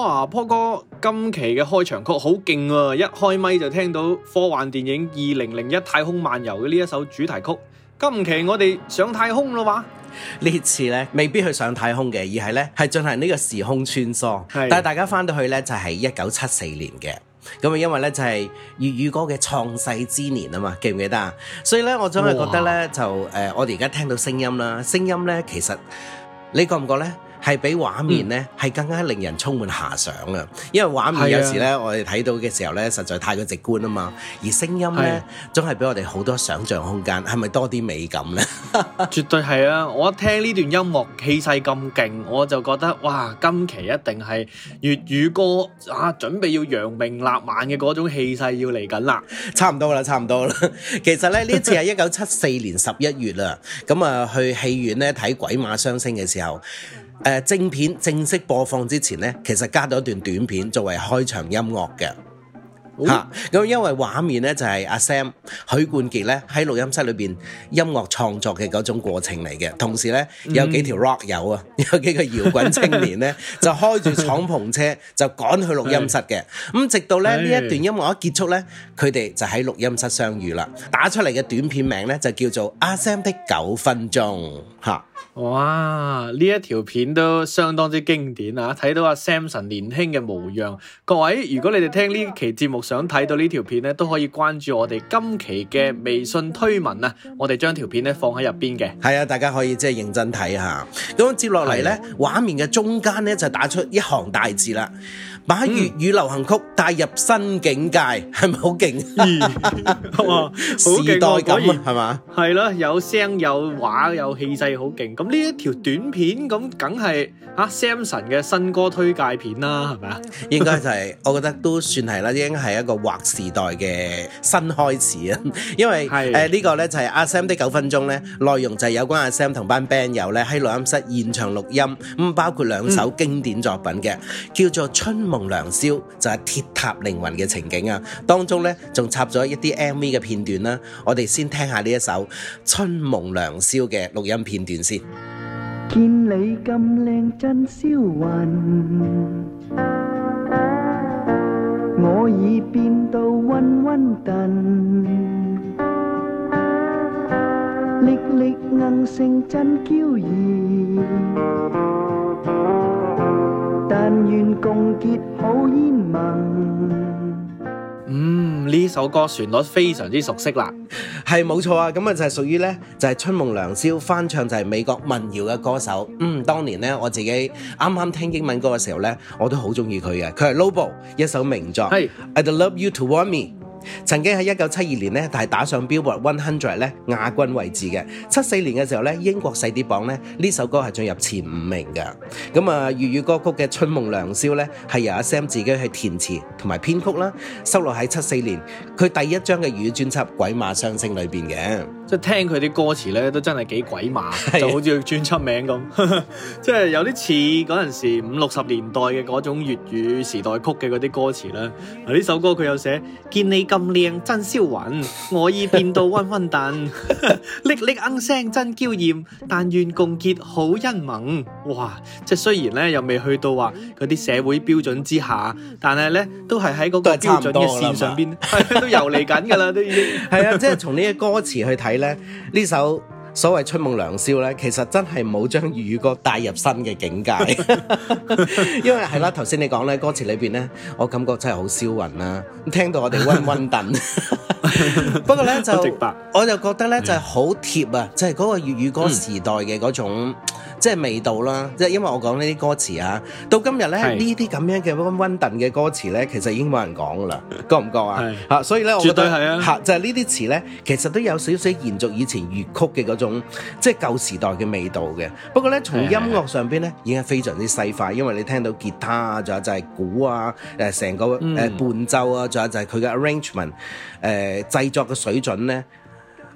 哇 p 哥今期嘅開場曲好勁啊！一開咪就聽到科幻電影《二零零一太空漫遊》嘅呢一首主題曲。今期我哋上太空啦嘛？呢次呢，未必去上太空嘅，而係呢，係進行呢個時空穿梭。係是，但大家翻到去呢，就係一九七四年嘅。咁啊，因為呢就係、是、粵語歌嘅創世之年啊嘛，記唔記得啊？所以呢，我真係覺得呢，哇就誒、呃，我哋而家聽到聲音啦，聲音呢，其實你覺唔覺呢？係比畫面呢，係更加令人充滿遐想啊！因為畫面有時呢，啊、我哋睇到嘅時候呢，實在太過直觀啊嘛。而聲音呢，啊、總係俾我哋好多想像空間，係咪多啲美感呢？ 絕對係啊！我一聽呢段音樂氣勢咁勁，我就覺得哇，今期一定係粵語歌啊，準備要揚名立萬嘅嗰種氣勢要嚟緊啦！差唔多啦，差唔多啦。其實呢，呢次係一九七四年十一月啊，咁啊 去戲院呢睇鬼馬雙星嘅時候。正片正式播放之前咧，其實加咗一段短片作為開場音樂嘅吓。咁、哦啊、因為畫面咧就係、是、阿 Sam 許冠傑咧喺錄音室裏邊音樂創作嘅嗰種過程嚟嘅。同時咧有幾條 rock 友啊，有幾個搖滾青年咧 就開住敞篷車 就趕去錄音室嘅。咁直到咧呢 一段音樂一結束咧，佢哋就喺錄音室相遇啦。打出嚟嘅短片名咧就叫做《阿 Sam 的九分鐘》吓。啊哇！呢一條片都相當之經典啊，睇到阿 Samson 年輕嘅模樣。各位，如果你哋聽呢期節目想睇到呢條片咧，都可以關注我哋今期嘅微信推文啊，我哋將條片咧放喺入邊嘅。係啊，大家可以即係認真睇下。咁接落嚟咧，畫面嘅中間咧就打出一行大字啦。把粵語流行曲帶入新境界，係咪好勁？係嘛，時代感係嘛？係咯，有聲有畫有氣勢，好勁！咁呢一條短片咁，梗係阿 Samson 嘅新歌推介片啦，係咪啊？應該就係，我覺得都算係啦，已經係一個劃時代嘅新開始啊！因為誒呢個咧就係阿 Sam 的九分鐘咧，內容就係有關阿 Sam 同班 band 友咧喺錄音室現場錄音，咁包括兩首經典作品嘅，叫做春。《春夢良宵》就係鐵塔凌雲嘅情景啊！當中呢，仲插咗一啲 M V 嘅片段啦，我哋先聽下呢一首《春夢良宵》嘅錄音片段先。見你咁靚真銷魂，我已變到溫溫頓，嚦嚦鶯聲，真嬌艷。但願共結好姻盟。嗯，呢首歌旋律非常之熟悉啦，係冇錯啊。咁啊就係屬於呢，就係、是、春夢良宵翻唱，就係美國民謠嘅歌手。嗯，當年呢，我自己啱啱聽英文歌嘅時候呢，我都好中意佢嘅。佢係 Lobo 一首名作。係是，I'd love you to want me。曾經喺一九七二年呢，咧，係打上 Billboard One Hundred 咧亞軍位置嘅。七四年嘅時候咧，英國細碟榜咧呢首歌係進入前五名嘅。咁啊粵語歌曲嘅《春夢良宵》呢咧係由阿、啊、Sam 自己去填詞同埋編曲啦，收錄喺七四年佢第一張嘅粵語專輯《鬼馬雙星》裏邊嘅。即係聽佢啲歌詞咧都真係幾鬼馬，的就好似佢專輯名咁，即 係有啲似嗰陣時五六十年代嘅嗰種粵語時代曲嘅嗰啲歌詞啦。啊呢首歌佢有寫見你。咁靚真銷魂，我已變到暈暈沌，嚦嚦哼聲真嬌艷，但願共結好姻盟。哇！即係雖然咧又未去到話嗰啲社會標準之下，但係咧都係喺嗰個標準嘅綫上邊，都， 都游嚟緊噶啦，都已經係 啊！即係從呢個歌詞去睇咧，呢首。所謂春夢良宵咧，其實真係冇將粵語歌帶入新嘅境界， 因為係啦，頭先你講咧，歌詞裏邊咧，我感覺真係好消魂啦，聽到我哋溫溫燉， 不過咧就我就覺得咧就係好貼啊，就係、是、嗰、嗯、個粵語歌時代嘅嗰種即係、就是、味道啦，即係因為我講呢啲歌詞啊，到今日咧呢啲咁是樣嘅溫溫燉嘅歌詞咧，其實已經冇人講啦，覺唔覺啊？係是 所以咧，我覺得絕對係啊， 就係呢啲詞咧，其實都有少少延續以前粵曲嘅嗰種。嗯、 即係舊時代嘅味道嘅，不過呢，從音樂上邊呢已經非常之西化，因為你聽到吉他啊，仲有就係鼓啊，誒成個誒伴奏啊，仲有就係佢嘅 arrangement，誒、呃、製作嘅水準呢，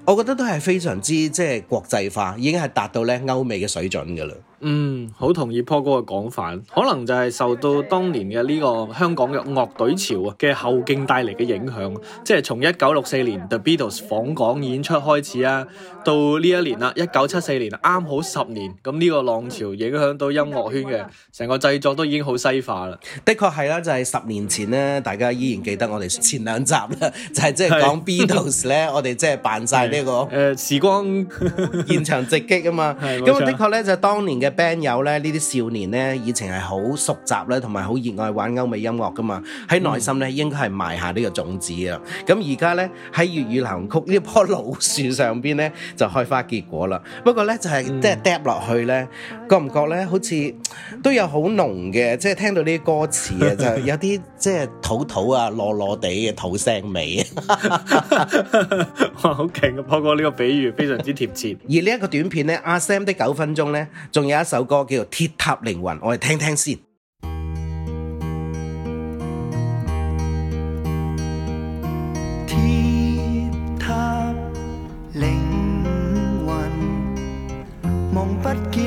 我覺得都係非常之即係國際化，已經係達到呢歐美嘅水準噶啦。嗯，好同意 Paul 哥嘅講法，可能就係受到當年嘅呢個香港嘅樂隊潮啊嘅後勁帶嚟嘅影響，即係從一九六四年 The Beatles 訪港演出開始啊。到呢一年啦，一九七四年，啱好十年，咁呢個浪潮影響到音樂圈嘅成個製作都已經好西化啦。的確係啦，就係、是、十年前咧，大家依然記得我哋前兩集啦，就係即係講 Beatles 咧，我哋即係扮晒呢個誒時光現場直擊啊嘛。咁 我的確咧，就係、當年嘅 band 友咧，呢啲少年咧，以前係好熟習咧，同埋好熱愛玩歐美音樂噶嘛，喺內心咧、嗯、應該係埋下呢個種子啊。咁而家咧喺粵語流行曲呢棵老樹上邊咧，就開花結果啦。不過咧，就係即係釘落去咧，嗯、覺唔覺咧？好似都有好濃嘅，即係聽到呢啲歌詞 啊，就有啲即係土土啊、落落地嘅土腥味。聲 哇，好勁啊！Paul 哥呢個比喻非常之貼切。 而呢一個短片咧，《阿 Sam 的九分鐘》咧，仲有一首歌叫做《鐵塔凌雲》，我哋聽聽聽先。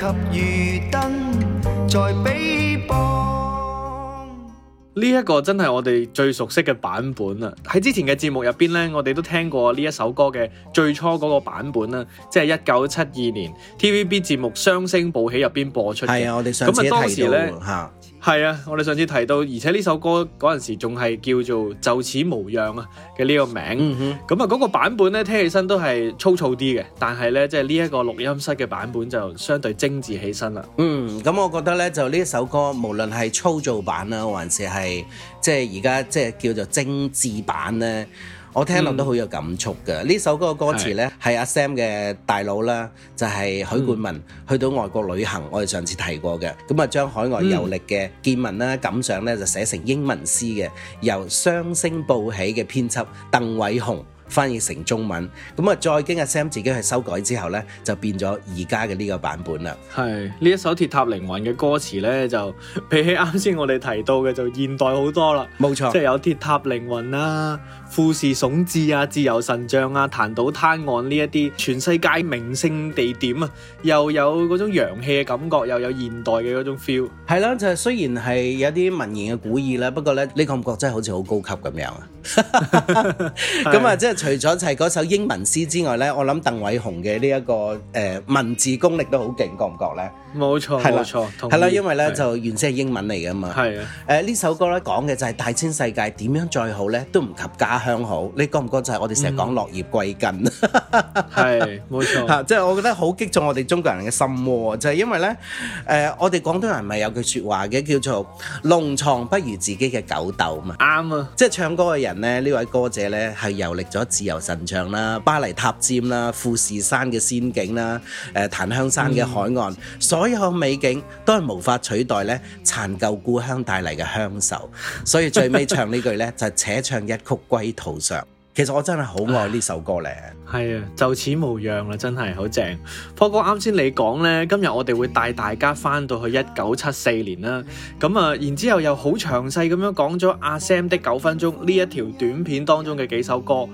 及漁燈在彼邦，呢一個真係我哋最熟悉嘅版本啦。喺之前嘅節目入邊呢，我哋都聽過呢一首歌嘅最初嗰個版本啦，即係一九七二年 TVB 節目《雙星報喜》入邊播出嘅。係啊，我哋上次係啊，我哋上次提到，而且呢首歌嗰陣時仲係叫做就此無恙啊嘅呢個名，咁啊嗰個版本呢，聽起身都係粗糙啲嘅，但係呢，即係呢一個錄音室嘅版本就相對精緻起身啦。嗯，咁我覺得呢，就呢首歌，無論係粗糙版啊，還是係即係而家即係叫做精緻版呢。我聽落都好有感觸嘅。呢首歌嘅歌詞咧，係阿 Sam 嘅大佬啦，就係許冠文去到外國旅行，我哋上次提過嘅咁啊，將海外遊歷嘅見聞啦，感想咧就寫成英文詩嘅，由雙星報喜嘅編輯鄧偉雄。.翻譯成中文，咁啊，再經阿 Sam 自己去修改之後呢就變咗而家嘅呢個版本啦。係呢一首《鐵塔凌雲》嘅歌詞呢，就比起啱先我哋提到嘅就現代好多啦。冇錯錯，即係有鐵塔凌雲啊、富士聳峙啊、自由神像啊、檀島灘岸呢一啲全世界名勝地點啊，又有嗰種洋氣嘅感覺，又有現代嘅嗰種 feel。係啦，就係、是、雖然係有啲文言嘅古意啦，不過呢，呢個感覺，覺得真係好似好高級咁樣啊。咁 啊那，即係。 就是除咗就係嗰首英文詩之外咧，我諗鄧偉雄嘅呢一個誒文字功力都好勁，覺唔覺咧？冇錯，係啦，因為咧就原先係英文嚟嘅嘛。係啊，誒呢首歌咧講嘅就係大千世界點樣再好咧都唔及家鄉好，你覺唔覺就係我哋成日講落葉歸根？係冇錯，即係我覺得好擊中我哋中國人嘅心窩啊！就係因為咧誒，我哋廣東人咪有句説話嘅叫做「龍床不如自己嘅狗竇」嘛。啱啊，即係唱歌嘅人咧，呢位歌者咧係遊歷咗。自由神像啦，巴黎塔尖啦，富士山嘅仙境啦，誒、呃、檀香山嘅海岸，嗯、所有美景都係無法取代咧殘舊故鄉帶嚟嘅鄉愁。所以最尾唱句呢句咧， 就係且唱一曲歸途上。其實我真係好愛呢首歌咧，係啊、哎，就此模樣啦，真係好正。波哥啱先你講呢，今日我哋會帶大家翻到去一九七四年啦，咁啊，然之後又好詳細咁樣講咗阿、啊、Sam 的九分鐘呢一條短片當中嘅幾首歌。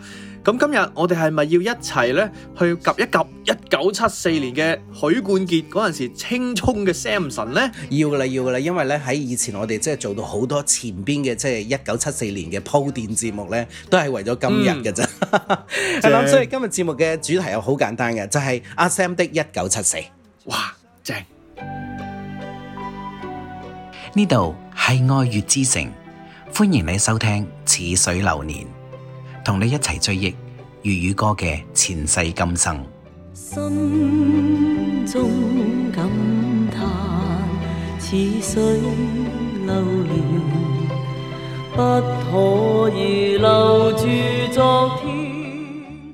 咁今日我哋係咪要一齊咧去及一及一九七四年嘅許冠傑嗰陣時青蔥嘅 Samson 咧？要啦要啦，因為咧喺以前我哋即係做到好多前邊嘅即係一九七四年嘅鋪墊節目咧，都係為咗今日嘅啫。係啦，所以今日節目嘅主題又好簡單嘅，就係、是、阿 Sam 的一九七四。哇，正！呢度係愛粵之城，歡迎你收聽《似水流年》。同你一齊追憶粵語歌嘅前世今生。心中感嘆，似水流年，不可以留住昨天。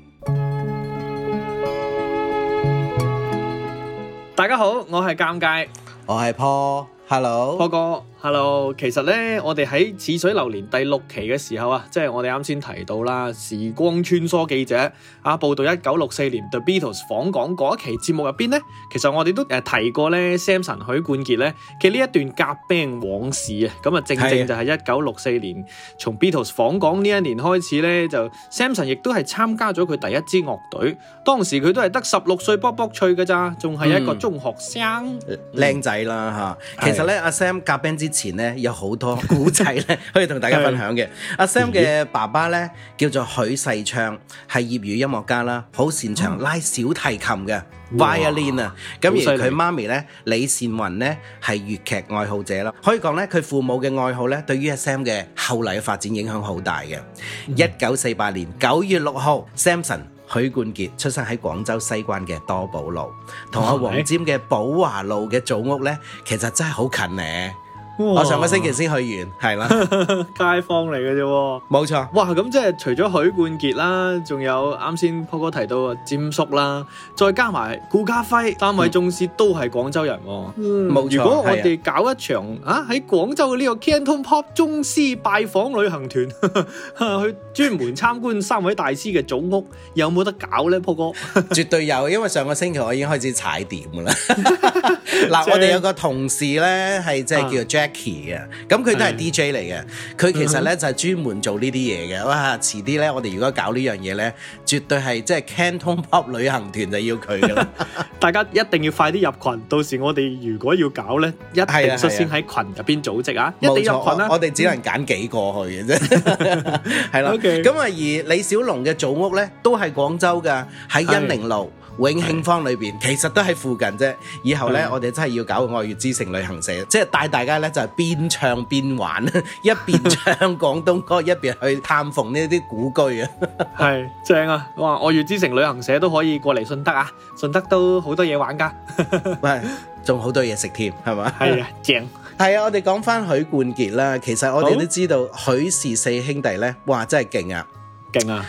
大家好，我係尷尬，我係<是 >Paul，Hello，Paul 哥。Hello，其實咧，我哋喺《似水流年》第六期嘅時候啊，即係我哋啱先提到啦，時光穿梭記者阿、啊、報道一九六四年 The Beatles 訪港嗰一期節目入邊咧，其實我哋都誒提過咧，Samson 許冠傑咧嘅呢其一段夾 Band 往事啊。咁啊正正就係一九六四年是的 從 Beatles 訪港呢一年開始咧，就 Samson 亦都係參加咗佢第一支樂隊，當時佢都係得十六歲卜卜脆㗎咋，仲係一個中學生靚、嗯嗯、仔啦嚇、嗯。其實咧，阿 Sam 夾 Band 之以前咧有好多古仔咧，可以同大家分享嘅。阿 是 Sam 嘅爸爸咧叫做許世昌，係業餘音樂家啦，好擅長拉小提琴嘅 violin 啊。咁哇而佢媽咪咧李善雲咧係粵劇愛好者啦。可以講咧佢父母嘅愛好咧，對於阿 Sam 嘅後嚟嘅發展影響好大嘅。一九四八年九月六號，Samson 許冠傑出生喺廣州西關嘅多寶路，同阿黃霑嘅寶華路嘅祖屋咧，其實真係好近咧、啊。哇我上個星期先去完，係啦， 街坊嚟嘅啫，冇錯。哇，咁即係除咗許冠傑啦，仲有啱先波哥提到嘅霑叔啦，再加埋顧嘉輝三位宗師都係廣州人啊。嗯，冇錯。如果我哋搞一場的啊喺廣州嘅呢個 Canton Pop 宗師拜訪旅行團， 去專門參觀三位大師嘅祖屋，有冇得搞呢？波哥，絕對有，因為上個星期我已經開始踩點㗎啦。 嗱，我哋有個同事咧，係即係叫做 Jackie 嘅，咁佢都係 DJ 嚟嘅，佢其實咧就係專門做呢啲嘢嘅。哇，遲啲咧，我哋如果搞呢樣嘢咧，絕對係即係 Canton Pop 旅行團就要佢㗎啦。大家一定要快啲入群，到時我哋如果要搞咧，一定係啊率先喺群入邊組織啊！一定入群啦，我哋只能揀幾個去嘅啫。係啦，OK，咁啊，而李小龍嘅祖屋咧都係廣州嘅，喺恩寧路。永慶坊裏邊的其實都喺附近啫，以後呢，的我哋真係要搞愛粵之城旅行社，即係帶大家呢，就係、是、邊唱邊玩，一邊唱廣東歌， 一邊去探訪呢啲古居啊。係，正啊！哇，愛粵之城旅行社都可以過嚟順德啊，順德都好多嘢玩噶，喂 ，仲好多嘢食添，係咪？係啊，正。係啊，我哋講翻許冠傑啦，其實我哋都知道許氏四兄弟呢，哇，真係勁啊，勁啊！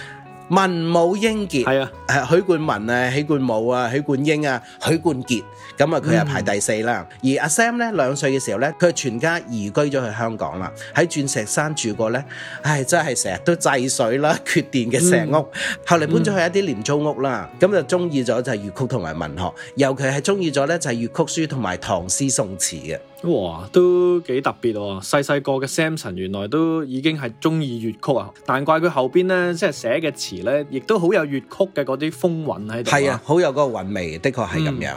文武英傑係啊，許冠文啊，許冠武啊，許冠英啊，許冠傑，咁啊佢啊排第四啦。嗯、而阿 Sam 咧兩歲嘅時候咧，佢全家移居咗去香港啦，喺鑽石山住過咧，唉真係成日都制水啦，缺電嘅石屋，嗯、後嚟搬咗去一啲廉租屋啦，咁、嗯、就中意咗就係粵曲同埋文學，尤其係中意咗咧就係粵曲書同埋唐詩宋詞嘅。哇，都幾特別喎、哦！細細個嘅 Samson 原來都已經係中意粵曲啊，難怪佢後邊咧即係寫嘅詞咧，亦都好有粵曲嘅嗰啲風韻喺度。係啊，好有嗰個韻味，的確係咁樣。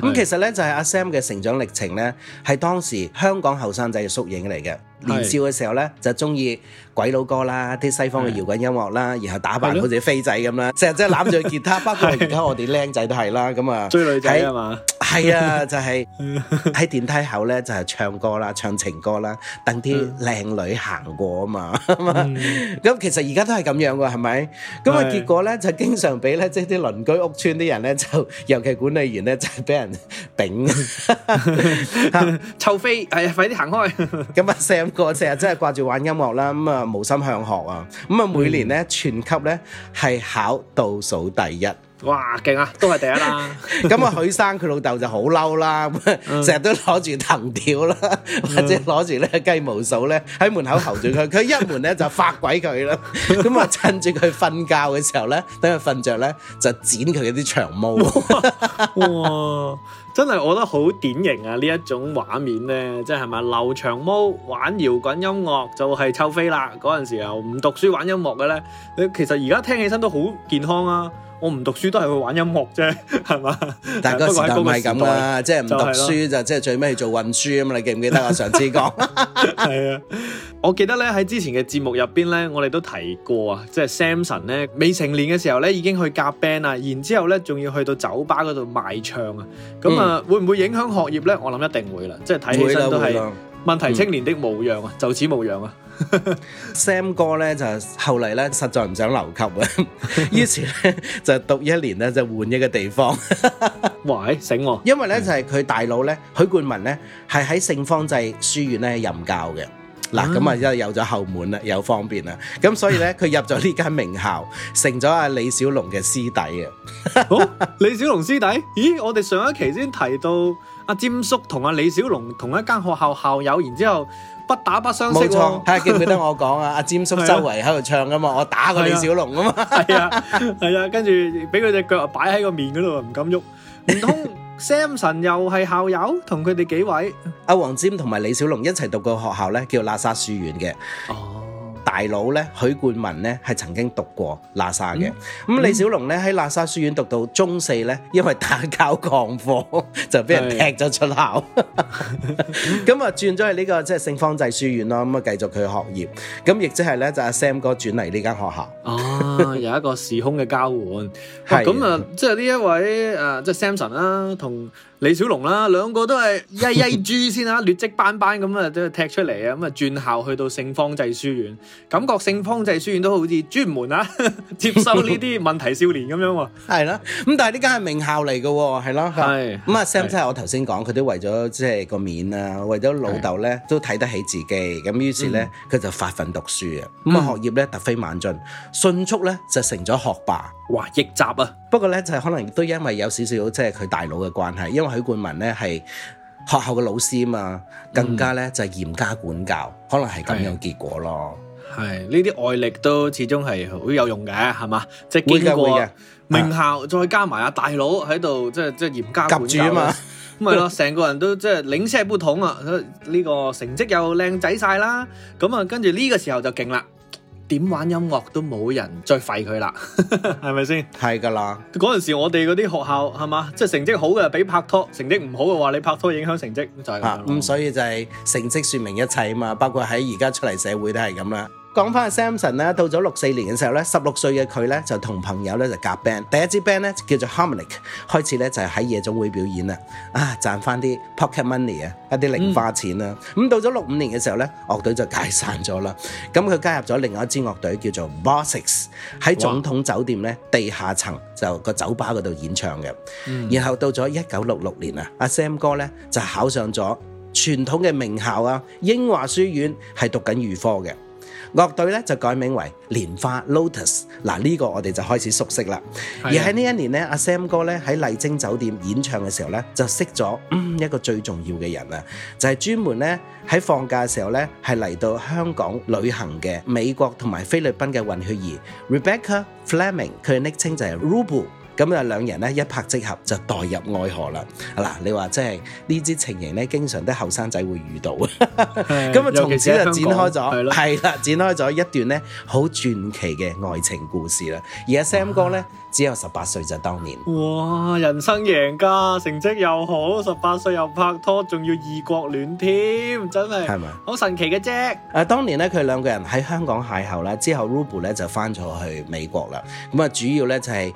咁其實咧就係、是、阿 Sam 嘅成長歷程咧，係當時香港後生仔嘅縮影嚟嘅。年少嘅時候咧，就中意鬼佬歌啦，啲西方嘅搖滾音樂啦，然後打扮好似飛仔咁啦，成日即係攬住吉他。不過而家我哋僆仔都係啦，咁啊追女仔啊嘛，係啊，就係喺電梯口咧就係唱歌啦，唱情歌啦，等啲靚女行過啊嘛。咁其實而家都係咁樣嘅，係咪？咁啊結果咧就經常俾咧即係啲鄰居屋邨啲人咧，就尤其管理員咧就係俾人頂，臭飛，係啊，快啲行開。咁啊，Sam。個成日真係掛住玩音樂啦，咁啊冇心向學啊，咁啊每年咧全級咧係考倒數第一，哇勁啊，都係第一啦。咁啊許生佢老豆就好嬲啦，成日都攞住藤條啦，或者攞住咧雞毛掃咧喺門口候住佢，佢一門咧就發鬼佢啦。咁啊趁住佢瞓覺嘅時候咧，等佢瞓着咧就剪佢啲長毛。 哇哇真係，我覺得好典型啊！呢一種畫面呢，即係係嘛留長毛玩搖滾音樂就係抽飛啦！嗰陣時又唔讀書玩音樂嘅呢，其實而家聽起身都好健康啊！我唔讀書都係去玩音樂啫，係嘛？但係嗰個時代係咁啦，即係唔讀書就即係最尾做運輸咁啊！是你記唔記得我上次講？係啊， 我記得咧喺之前嘅節目入邊咧，我哋都提過啊，即係 Samson 咧未成年嘅時候咧已經去夾 band 啊，然之後咧仲要去到酒吧嗰度賣唱啊，咁啊、嗯、會唔會影響學業咧？我諗一定會啦，即係睇起身了都係是。問題青年的模樣、嗯、啊，就此模樣啊。Sam 哥咧就後嚟咧實在唔想留級啊，於是咧就讀一年咧就換一個地方。 喂，醒我、啊！因為咧、嗯、就係佢大佬咧許冠文咧係喺聖方濟書院咧任教嘅。嗱，咁啊，一有咗後門啦，又方便啦，咁所以咧，佢入咗呢間名校，成咗阿李小龍嘅師弟啊！好 哦，李小龍師弟？咦，我哋上一期先提到阿、啊、詹叔同阿、啊、李小龍同一間學校校友，然之後不打不相識喎、啊。冇錯，係記唔記得我講 啊？阿詹叔周圍喺度唱噶嘛，啊、我打過李小龍啊嘛。係 啊，係啊，啊，啊，跟住俾佢隻腳擺喺個面嗰度，唔敢喐，唔通？ Samson 又係校友，同佢哋幾位阿黃霑同埋李小龍一齊讀過學校咧，叫喇沙書院嘅。Oh. 大佬咧，許冠文咧係曾經讀過喇沙嘅。咁、嗯嗯、李小龍咧喺喇沙書院讀到中四咧，因為打交曠課就俾人踢咗出校。咁啊的 轉咗去呢、這個即係、就是、聖方濟書院咯。咁啊繼續佢學業。咁亦即係咧就阿、就是啊、Sam 哥轉嚟呢間學校。哦、啊，有一個時空嘅交換。係。咁啊，即係呢一位誒，即係 Samson 啦，同、啊、李小龍啦、啊，兩個都係曳曳豬先啦、啊， 劣跡斑斑咁啊，都踢出嚟啊，咁啊轉校去到聖方濟書院。感覺聖方濟書院都好似專門啊，接收呢啲問題少年咁樣喎。係啦，咁但係呢間係名校嚟嘅，係咯，係咁啊。Sam 即係我頭先講，佢都為咗即係個面啊，為咗老豆咧都睇得起自己，咁於是咧佢就發奮讀書啊。咁啊，嗯、學業咧突飛猛進，迅速咧就成咗學霸哇，逆襲啊！不過咧就係可能都因為有少少即係佢大佬嘅關係，因為許冠文咧係學校嘅老師啊嘛，更加咧就嚴加管教，可能係咁樣結果咯。係呢啲外力都始終係好有用嘅，係嘛？即係經過名校，會的會的再加埋阿大佬喺度，即係即係嚴加管教啊嘛。咁咪咯，成 個人都即係零舍不同啊。呢、這個成績又靚仔晒啦，咁啊，跟住呢個時候就勁 吧啦。點玩音樂都冇人再廢佢啦，係咪先？係噶啦。嗰陣時我哋嗰啲學校係嘛，即係、就是、成績好嘅俾拍拖，成績唔好嘅話你拍拖影響成績，就係、是、咁。咁、嗯、所以就係成績說明一切啊嘛，包括喺而家出嚟社會都係咁啦。講翻 Samson 咧，Sam son, 到咗六四年嘅時候咧，十六歲嘅佢咧就同朋友咧就夾 band，第一支 band 咧叫做 Harmonic，開始咧就係喺夜總會表演啦，啊賺翻啲 pocket money 啊一啲零花錢啦。咁、嗯、到咗六五年嘅時候咧，樂隊就解散咗啦。咁佢、嗯、加入咗另外一支樂隊叫做 Basics 喺總統酒店咧地下層就個酒吧嗰度演唱嘅。嗯、然後到咗一九六六年啊，阿 Sam 哥咧就考上咗傳統嘅名校啊，英華書院係讀緊預科嘅。樂隊咧就改名為蓮花 Lotus，嗱呢個我哋就開始熟悉啦。的而喺呢一年咧，阿 Sam 哥咧喺麗晶酒店演唱嘅時候咧，就識咗、嗯、一個最重要嘅人啊，就係專門咧喺放假嘅時候咧係嚟到香港旅行嘅美國同埋菲律賓嘅混血兒 Rebecca Fleming，佢嘅昵稱就係 Rebu。咁啊，兩人咧一拍即合就代入愛河啦，嗱、啊，你話即係呢啲情形咧，經常啲後生仔會遇到。咁 啊，從此就展開咗，係啦了，展 開咗一段咧好傳奇嘅愛情故事啦。而阿 Sam 哥咧，啊、只有十八歲就當年，哇！人生贏家，成績又好，十八歲又拍拖，仲要異國戀添，真係，係咪？好神奇嘅啫。誒吧、 啊，當年咧，佢兩個人喺香港邂逅啦，之後 Rebu 咧就翻咗去美國啦。咁啊，主要咧就係、是。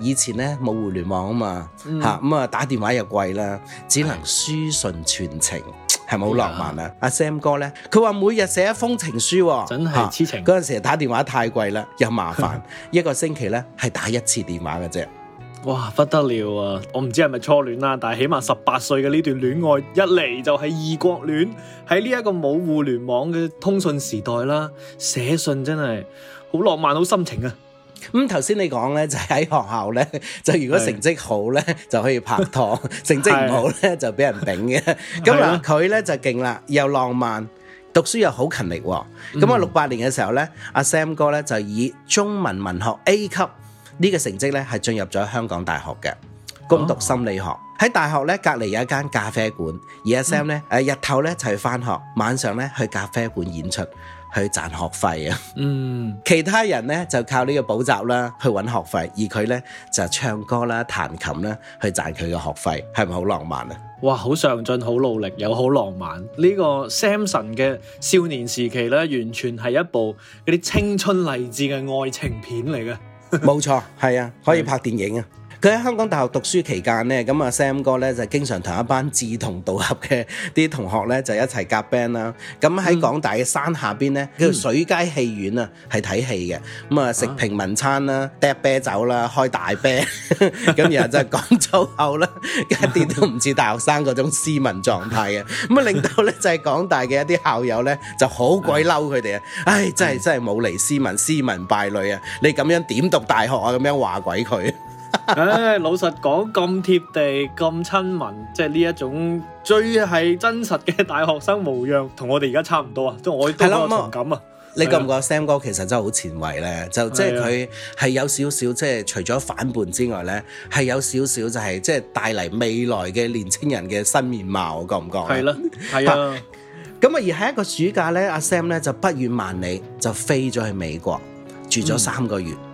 以前咧冇互聯網啊嘛，吓咁啊打電話又貴啦，只能書信傳情，係咪好浪漫啊？阿 Sam 哥咧，佢話每日寫一封情書，真係痴情。嗰陣、啊、時打電話太貴啦，又麻煩， 一個星期咧係打一次電話嘅啫。哇，不得了啊！我唔知係咪初戀啦、啊，但係起碼十八歲嘅呢段戀愛一嚟就係異國戀，喺呢一個冇互聯網嘅通訊時代啦、啊，寫信真係好浪漫，好深情啊！咁頭先你講咧就喺學校咧，就如果成績好咧就可以拍拖， 成績唔好咧 就俾人頂嘅。咁嗱佢咧就勁啦，又浪漫，讀書又好勤力。咁啊六八年嘅時候咧，阿、啊、Sam 哥咧就以中文文學 A 級呢個成績咧係進入咗香港大學嘅攻讀心理學。喺、哦、大學咧隔離有一間咖啡館，而阿、啊、Sam 咧誒日頭咧就係翻學，晚上咧去咖啡館演出。去賺學費啊！嗯，其他人呢就靠呢個補習啦，去揾學費，而佢呢就唱歌啦、彈琴啦，去賺佢嘅學費，係咪好浪漫啊？哇，好上進、好努力又好浪漫，呢個 Samson 嘅少年時期呢，完全係一部嗰啲青春勵志嘅愛情片嚟嘅。冇 錯，係啊，可以拍電影啊！佢喺香港大學讀書期間咧，咁啊 Sam 哥咧就經常同一班志同道合嘅啲同學咧就一齊夾 band 啦、啊。咁喺港大嘅山下邊咧，叫水街戲院啊，係睇戲嘅。咁啊食平民餐啦，嗒啤酒啦，開大啤，咁 然後就講粗口啦， 一啲都唔似大學生嗰種斯文狀態嘅。咁啊 令到咧就係港大嘅一啲校友咧就好鬼嬲佢哋啊！唉、哎，真係真係冇嚟斯文，斯文敗類啊！你咁樣點讀大學啊？咁樣話鬼佢。唉、 哎，老實講咁貼地咁親民，即係呢一種最係真實嘅大學生模樣，同我哋而家差唔多啊！即我都我係咯，咁啊，你覺唔覺 Sam 哥其實真係好前衛咧？就的即係佢係有少少即係除咗反叛之外咧，係有少少就係、是、即係帶嚟未來嘅年青人嘅新面貌，我覺唔覺？係啦，係啊，咁啊， 而喺一個暑假咧，阿 Sam 咧就不遠萬里就飛咗去美國住咗三個月。嗯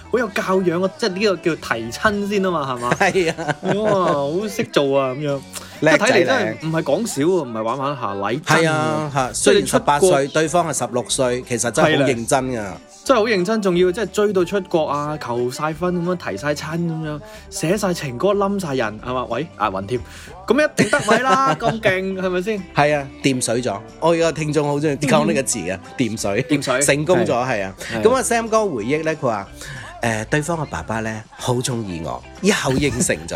好有教養啊！即係呢個叫提親先啊嘛，係嘛？係啊！哇，好識做啊咁樣，睇嚟真係唔係講笑喎，唔係玩玩下禮。係啊，係。雖然七八歲，對方係十六歲，其實真係好認真㗎。真係好認真，仲要即係追到出國啊，求晒婚咁樣提晒親咁樣，寫晒情歌冧晒人係嘛？喂，阿雲添，咁一定得位啦，咁勁係咪先？係啊，掂水咗。我有個聽眾好中意講呢個字啊，掂水，掂水，成功咗係啊。咁啊 Sam 哥回憶咧，佢話。誒、呃、對方嘅爸爸咧，好中意我，一口應承咗。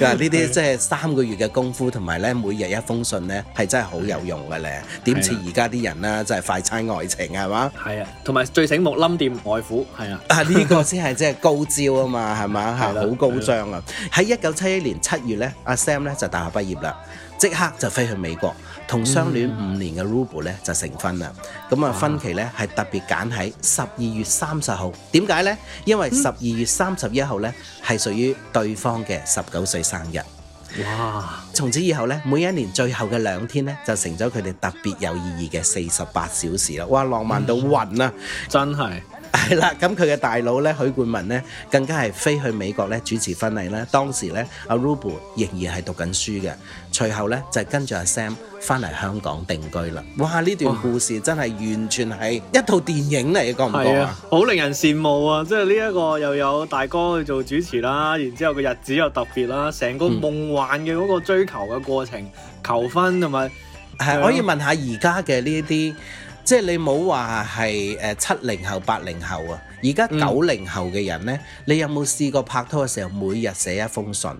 嗱，呢啲即係三個月嘅功夫，同埋咧每日一封信咧，係真係好有用嘅咧。呢點似而家啲人啦，即係快餐愛情啊 係嘛？係啊，同埋最醒目冧掂外父，係啊。啊，呢個先係即係高招啊嘛，係嘛？係好高張啊！喺一九七一年七月咧，阿 Sam 咧就大學畢業啦，即刻就飛去美國。同相戀五年嘅 Rebu 咧就成婚啦，咁啊婚期咧係哇特別揀喺十二月三十號，點解呢？因為十二月三十一號咧係屬於對方嘅十九歲生日。哇！從此以後咧，每一年最後嘅兩天咧就成咗佢哋特別有意義嘅四十八小時啦。哇！浪漫到暈啊！嗯、真係。係啦，咁佢嘅大佬咧，許冠文咧，更加係飛去美國咧主持婚禮咧。當時咧，阿 Rebu 仍然係讀緊書嘅，隨後咧就跟住阿 Sam 翻嚟香港定居啦。哇！呢段故事真係完全係一套電影嚟，嘅哇，覺唔覺啊？好、啊、令人羨慕啊！即係呢一個又有大哥去做主持啦、啊，然後之後個日子又特別啦、啊，成個夢幻嘅嗰個追求嘅過程，嗯、求婚同埋係。可以問下而家嘅呢一啲？即係你冇話係七零後、八零後啊，而家九零後嘅人咧，嗯、你有冇試過拍拖嘅時候每日寫一封信？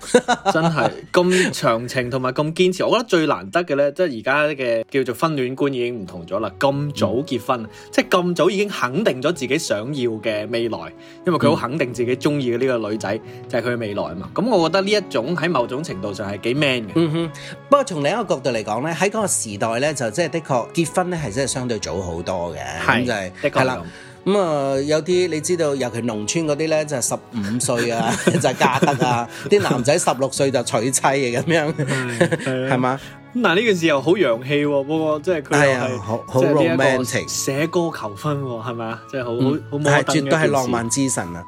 真係咁長情同埋咁堅持，我覺得最難得嘅呢，即係而家嘅叫做婚戀觀已經唔同咗啦。咁早結婚，嗯、即係咁早已經肯定咗自己想要嘅未來，因為佢好肯定自己中意嘅呢個女仔就係佢嘅未來嘛。咁、嗯、我覺得呢一種喺某種程度上係幾 man 嘅。嗯、哼不過從另一個角度嚟講呢，喺嗰個時代呢，就即係的確結婚呢係真係相對早好多嘅，係是、就係、的確啦。嗯、有啲你知道，尤其農村嗰啲咧，就係十五歲啊， 就是嫁得啊，啲 男仔十六歲就娶妻嘅、啊、咁樣，係嘛？嗱呢件事又、啊哎、好洋氣喎，不過即係佢係好浪漫，一個寫歌求婚係咪啊？即係好好，係絕對係浪漫之神啊！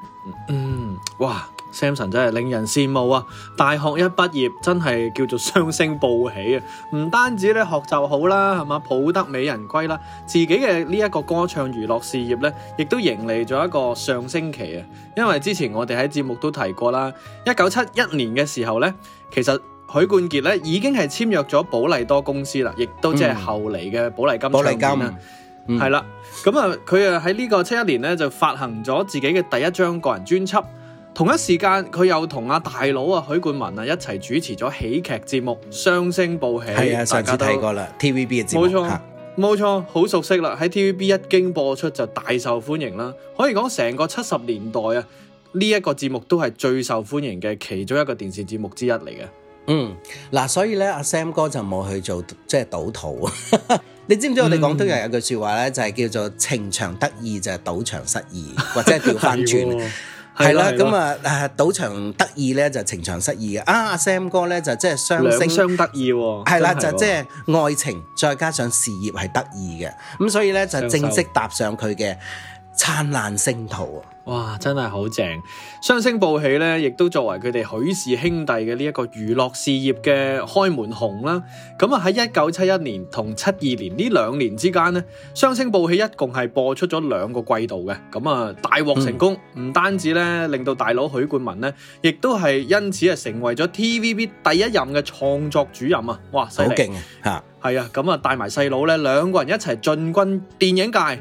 嗯，哇 Samson 真係令人羨慕啊！大學一畢業真係叫做雙星報喜啊！唔單止咧學就好啦，係嘛抱得美人歸啦、啊，自己嘅呢一個歌唱娛樂事業咧，亦都迎嚟咗一個上升期啊！因為之前我哋喺節目都提過啦，一九七一年嘅時候咧，其實許冠傑咧已經係簽約咗寶麗多公司啦，亦都即係後嚟嘅寶麗金。寶麗金係啦，咁啊，佢啊喺呢個七一年咧就發行咗自己嘅第一張個人專輯。同一時間佢又同阿大佬啊許冠文啊一齊主持咗喜劇節目《雙星報喜》。嗯。係啊，上次睇過啦，T V B 嘅節目，冇錯冇錯，好、嗯、熟悉啦。喺 T V B 一經播出就大受歡迎啦。可以講成個七十年代啊，呢、這、一個節目都係最受歡迎嘅其中一個電視節目之一嚟嘅。嗯，嗱、啊，所以咧，阿 Sam 哥就冇去做即係賭徒， 你知唔知我哋廣東人有句說話咧，就係、是、叫做情場得意就係、是、賭場失意，或者掉翻轉，係啦，咁啊，誒，賭場得意咧就情場失意嘅，啊的，阿 Sam 哥咧就即係雙星，雙得意，係啦的的，就即、是、係愛情再加上事業係得意嘅，咁、 嗯、所以咧就正式踏上佢嘅燦爛星途。哇，真係好正！雙星報喜咧，亦都作為佢哋許氏兄弟嘅呢一個娛樂事業嘅開門紅啦。咁啊喺一九七一年同七二年呢兩年之間呢，雙星報喜一共係播出咗兩個季度嘅。咁啊大獲成功，唔、嗯、單止咧令到大佬許冠文咧，亦都係因此啊成為咗 TVB 第一任嘅創作主任啊！哇，好勁啊！吓係啊，咁啊帶埋細佬咧，兩個人一齊進軍電影界。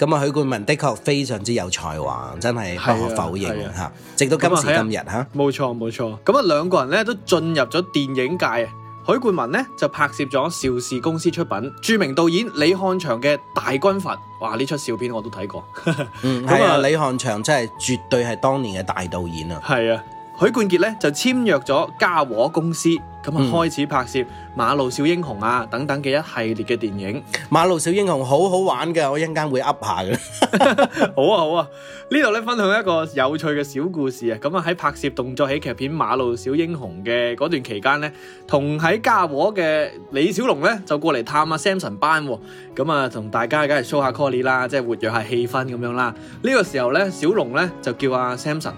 咁啊，許冠文的確非常之有才華，真係不可否認啊！直到今時今日，的哈，冇錯冇錯。咁啊，兩個人咧都進入咗電影界啊。許冠文咧就拍攝咗邵氏公司公司出品、著名導演李漢祥嘅《大軍閥》。哇，呢出笑片我都睇過。 嗯，係啊，李漢祥真係絕對係當年嘅大導演啊。係啊。許冠傑咧就簽約咗嘉禾公司，咁啊開始拍攝《馬路小英雄》啊等等嘅一系列嘅電影。《馬路小英雄》好好玩嘅，我一陣間會噏下嘅。好啊，好啊，呢度咧分享一個有趣嘅小故事啊！咁啊喺拍攝動作喜劇片《馬路小英雄》嘅嗰段期間咧，同喺嘉禾嘅李小龍咧就過嚟探下 Samson 班，咁啊同大家梗係 show 下 callie 啦，即係活躍下氣氛咁樣啦。呢個時候咧，小龍咧就叫阿 Samson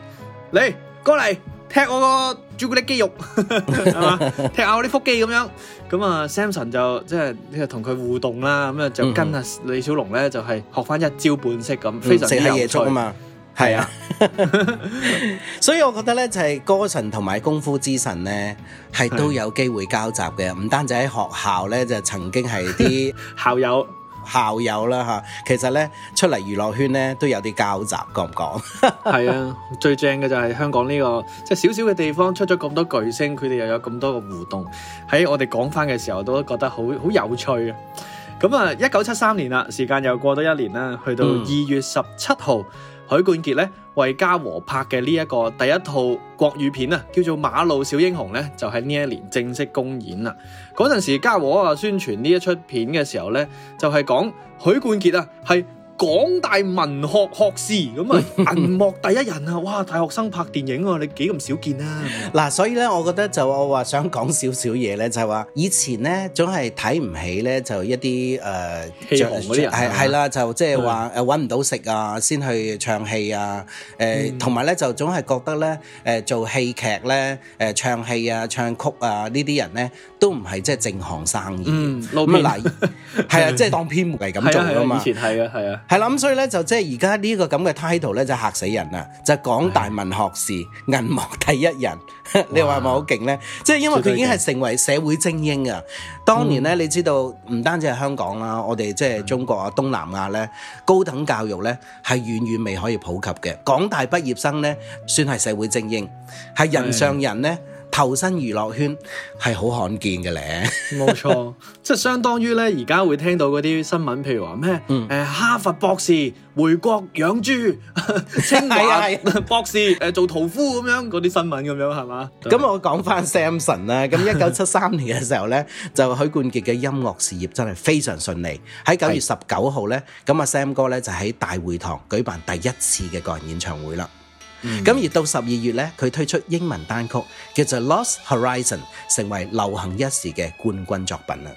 嚟過嚟。踢我個朱古力肌肉， 踢下我啲腹肌咁樣。咁 啊 Samson 就即係同佢互動啦，咁啊、嗯、就跟阿李小龍咧就係、是、學翻一招半式咁，非常夜出啊嘛。係啊， 所以我覺得咧就係、是、歌神同埋功夫之神咧係都有機會交集嘅，唔單止喺學校咧就曾經係啲 校友。校友啦吓，其實咧出嚟娛樂圈咧都有啲交集，講唔講？係 啊，最正嘅就係香港呢個，即係小小嘅地方出咗咁多巨星，佢哋又有咁多個互動，喺我哋講翻嘅時候都覺得好好有趣啊！咁啊，一九七三年啦，時間又過咗一年啦，去到二月十七號。嗯許冠傑咧為嘉禾拍嘅呢一個第一套國語片叫做《馬路小英雄》咧，就喺呢一年正式公演啦。嗰陣時嘉禾宣傳呢一出片嘅時候咧，就係講許冠傑啊係。港大文學學士咁啊，銀幕第一人啊！ 哇，大學生拍電影，你幾咁少見啊？嗱，所以咧，我覺得就我話想講少少嘢咧，就係、是、話以前咧，總係睇唔起咧，就一啲誒戲行嗰啲人，係係啦，呃、就即係話誒揾唔到食啊，先去唱戲啊，誒同埋咧就總係覺得咧，誒、呃、做戲劇咧，誒唱戲啊、唱曲啊呢啲人咧。都唔係即係正行生意，咁啊嗱，係啊，即係當編唔嚟咁做啊嘛。以前係啊，係啊，係啦。咁所以咧，就即係而家呢個咁嘅 title 咧，就嚇死人啦！就港大文學士，銀幕第一人，你話係咪好勁咧？即係因為佢已經係成為社會精英啊！當年咧，你知道唔單止係香港啦，我哋即係中國啊、東南亞咧，高等教育咧係遠遠未可以普及嘅。港大畢業生咧算係社會精英，係人上人咧。投身娛樂圈係好罕見嘅咧，冇錯，即係相當於咧，而家會聽到嗰啲新聞，譬如話咩誒哈佛博士回國養豬，清 華博士誒 做屠夫咁樣嗰啲新聞咁樣係嘛？咁對 我講翻 Samson 啦，咁一九七三年嘅時候咧，就許冠傑嘅音樂事業真係非常順利。喺九月十九號咧，咁阿是的 Sam 哥咧就喺大會堂舉辦第一次嘅個人演唱會啦。咁而到十二月咧，佢推出英文單曲叫做《Lost Horizon》，成為流行一時嘅冠軍作品啊。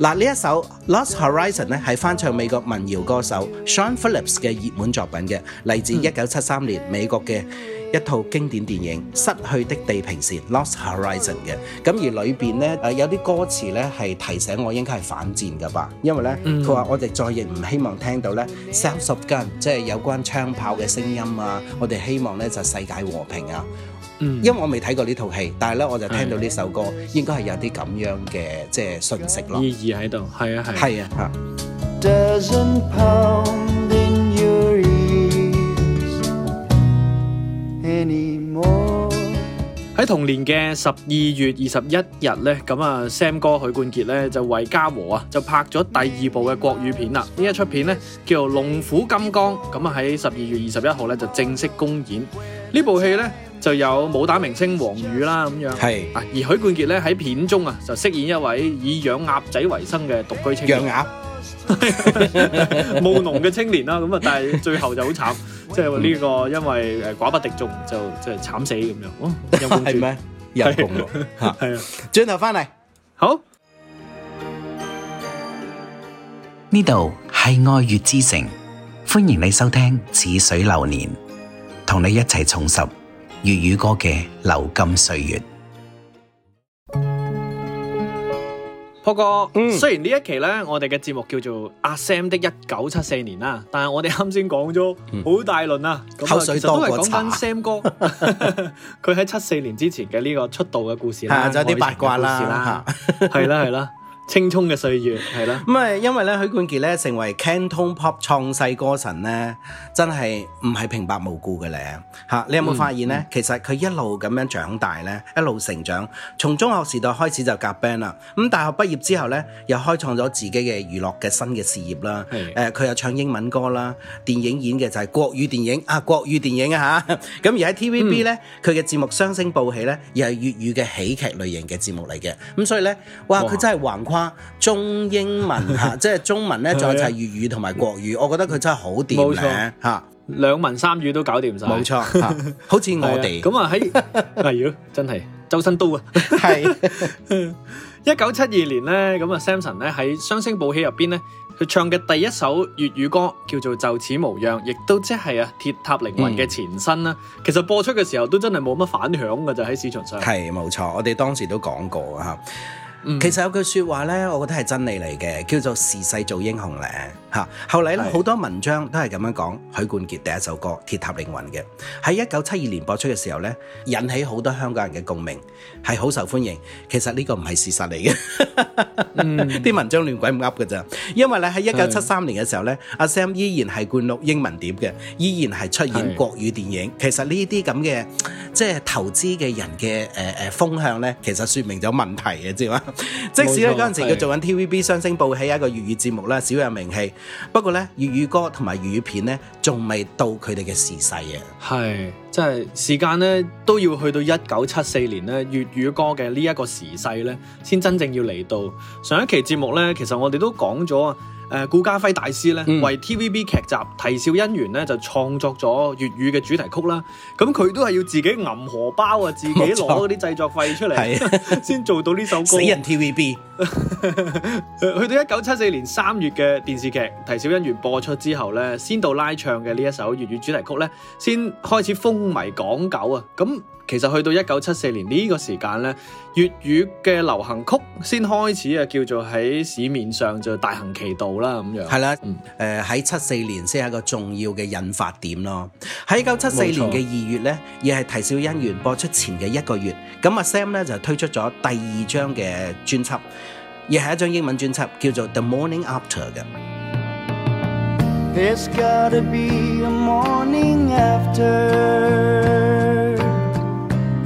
嗱，呢一首《Lost Horizon》咧，係翻唱美國民謠歌手 Sean Phillips 嘅熱門作品嘅，嚟自一九七三年美國嘅一套經典電影《失去的地平線》（Lost Horizon） 嘅。咁而裏邊咧，誒有啲歌詞咧，係提醒我應該係反戰嘅吧。因為咧，佢話、mm hmm. 我哋再亦唔希望聽到咧，sounds of guns，即係有關槍炮嘅聲音啊！我哋希望咧就世界和平啊！嗯，因為我未睇過呢套戲，但係咧我就聽到呢首歌，應該係有啲咁樣嘅即係信息咯，意義喺度，係啊，係啊，嚇、啊。喺 同年嘅十二月二十一日咧，咁啊，Sam 哥許冠傑咧就為嘉禾啊，就拍咗第二部嘅國語片啦。呢一出片咧叫做《龍虎金剛》，咁啊喺十二月二十一號咧就正式公演呢部戲咧。就有武打明星黃宇啦，咁樣係啊。而許冠傑咧喺片中啊，就飾演一位以養鴨仔為生嘅獨居青年，養鴨務農嘅青年啦。咁啊，但係最後就好慘，即係話呢個因為誒寡不敵眾，就即係慘死咁樣。係咩？入窮啊！吓，係啊。轉頭翻嚟。好，呢度係愛粵之城，歡迎你收聽《似水流年》，同你一齊重拾。粵語歌嘅流金歲月，Paul 哥，雖然呢一期呢，我哋嘅節目叫做阿 Sam 的一九七四年啦，但係我哋啱先講咗好大輪啦，口水多過茶。其實都係講緊 Sam 哥，佢喺七四年之前嘅呢個出道嘅故事，係就係啲八卦啦，係啦係啦。青蔥嘅歲月，係咯咁啊！因為咧，許冠傑咧成為 Canton Pop 創世歌神咧，真係唔係平白無故嘅咧嚇。嗯、你有冇發現咧？嗯、其實佢一路咁樣長大咧，一路成長。從中學時代開始就夾 band 啦。咁大學畢業之後咧，又開創咗自己嘅娛樂嘅新嘅事業啦。誒的，佢又唱英文歌啦，電影演嘅就係國語電影啊，國語電影啊嚇。咁 而喺 TVB 咧、嗯，佢嘅、嗯、節目雙星報喜咧，又係粵語嘅喜劇類型嘅節目嚟嘅。咁所以咧，哇！佢真係橫中英文嚇，即係中文咧，仲有就係粵語同埋國語，computers 啊、我覺得佢真係好掂嘅嚇。錯呢兩文三語都搞掂晒，冇錯， 好似我哋咁啊喺係咯，真係周身都啊，係一九七二年咧，咁啊 Samson 咧喺《雙星報喜》入邊咧，佢唱嘅第一首粵語歌叫做《就此模樣》，亦都即係啊鐵塔凌雲嘅前身啦。嗯、其實播出嘅時候都真係冇乜反響嘅，就喺市場上係冇、啊、錯，我哋當時都講過啊。其實有句說話咧，我覺得係真理嚟嘅，叫做時勢造英雄咧。嚇，後嚟咧好多文章都係咁樣講，許冠傑第一首歌《鐵塔凌雲》嘅喺一九七二年播出嘅時候咧，引起好多香港人嘅共鳴，係好受歡迎。其實呢個唔係事實嚟嘅，啲文章亂鬼唔噏嘅咋。因為咧喺一九七三年嘅時候咧，阿 Sam 依然係灌錄英文碟嘅，依然係出演國語電影。其實呢啲咁嘅即係投資嘅人嘅誒誒風向咧，其實説明咗問題嘅啫嘛。即使咧嗰陣時佢做緊 TVB 雙星報喜一個粵語節目咧，少有名氣。不過咧，粵語歌同埋粵語片咧，仲未到佢哋嘅時勢啊！係，即係時間咧，都要去到一九七四年咧，粵語歌嘅呢一個時勢咧，先真正要嚟到。上一期節目咧，其實我哋都講咗啊。誒顧嘉輝大師咧，嗯、為 TVB 劇集《啼笑姻緣》咧就創作咗粵語嘅主題曲啦。咁佢都係要自己揞荷包啊，自己攞啲製作費出嚟，先錯 做到呢首歌。 死人 TVB。 去到一九七四年三月嘅電視劇《啼笑姻緣》播出之後咧，仙杜拉唱嘅呢一首粵語主題曲咧，先開始風靡港九啊。咁其實去到一九七四年呢個時間呢，粵語嘅流行曲先開始啊，叫做喺市面上就大行其道啦咁樣。係啦的，誒喺七四年先係一個重要嘅引發點咯。喺一九七四年嘅二月呢，亦係《啼笑姻緣》播出前嘅一個月，咁阿 Sam 呢，就推出咗第二張嘅專輯，亦係一張英文專輯，叫做《The Morning After》嘅。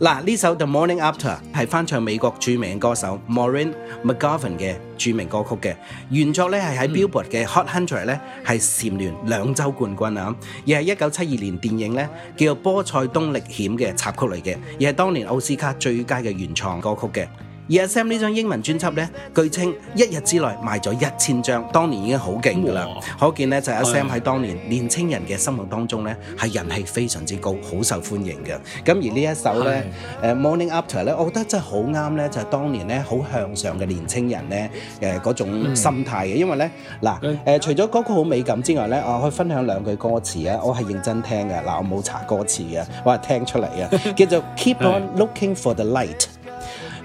嗱，呢首 The Morning After 係翻唱美國著名歌手 Maureen McGovern 嘅著名歌曲，原作咧係喺 Billboard 嘅 Hot 100咧係蟬聯兩周冠軍啊，而係1972年電影咧叫《波塞冬歷險》嘅插曲嚟嘅，亦係當年奧斯卡最佳嘅原創歌曲而 Sam 呢張英文專輯咧，據稱一日之內賣咗一千張，當年已經哇好勁噶啦。可見咧，就阿、是、Sam 喺、哎、呀當年年青人嘅心目當中咧，係人氣非常之高，好受歡迎嘅。咁而呢一首咧，誒、嗯啊、Morning After 咧，我覺得真係好啱咧，就係當年咧好向上嘅年青人咧，誒、啊、嗰種心態嘅。因為咧嗱誒，除咗歌曲好美感之外咧，我可以分享兩句歌詞啊，我係認真聽嘅。嗱，我冇查歌詞嘅、啊，我係聽出嚟嘅，叫做 Keep on looking for the light。嗯。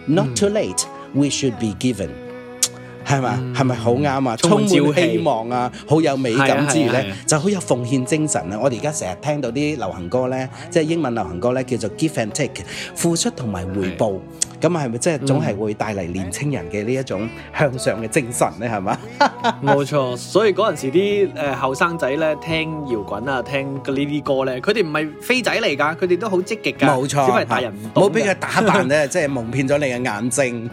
Not too late, we should be given，係咪、嗯？係咪好啱啊？係係充滿充滿希望啊！好有美感之餘呢，啊啊啊、就好有奉獻精神啊！我哋而家成日聽到啲流行歌呢，即係英文流行歌呢，叫做 Give and Take，付出同埋回報。咁啊，係咪即係總係會帶嚟年青人嘅呢一種向上嘅精神咧？係嘛？冇錯，所以嗰陣時啲誒後生仔咧聽搖滾啊，聽呢啲歌咧，佢哋唔係飛仔嚟㗎，佢哋都好積極㗎。冇錯，只係大人唔懂。冇俾佢打扮咧， 即係蒙騙咗你嘅眼睛。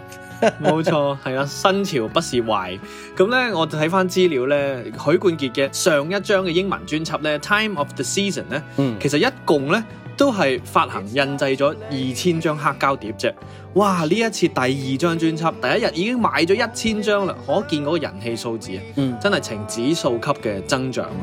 冇 錯，係啊，新潮不是壞。咁咧，我睇翻資料咧，許冠傑嘅上一張嘅英文專輯咧，《Time of the Season》咧，嗯，其實一共咧。都係發行印製咗二千張黑膠碟啫，哇！呢一次第二張專輯第一日已經賣咗一千張啦，可見嗰個人氣數字啊，嗯，真係呈指數級嘅增長啊！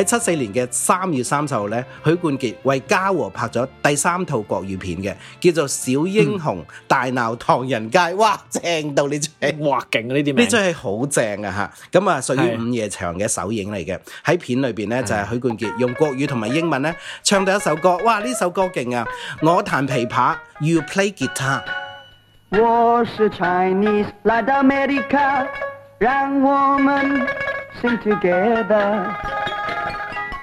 喺七四年嘅三月三十號咧，許冠傑為嘉禾拍咗第三套國語片嘅，叫做《小英雄大鬧唐人街》。哇，正到你正，哇勁啊！呢啲名呢張戲好正啊！哈，咁啊屬於午夜場嘅首映嚟嘅。喺是片裏邊呢，是就係許冠傑用國語同埋英文呢唱到一首歌。哇，呢首歌勁啊！我彈琵琶，You play guitar。 我是 Chinese，來到 America，讓我們 sing together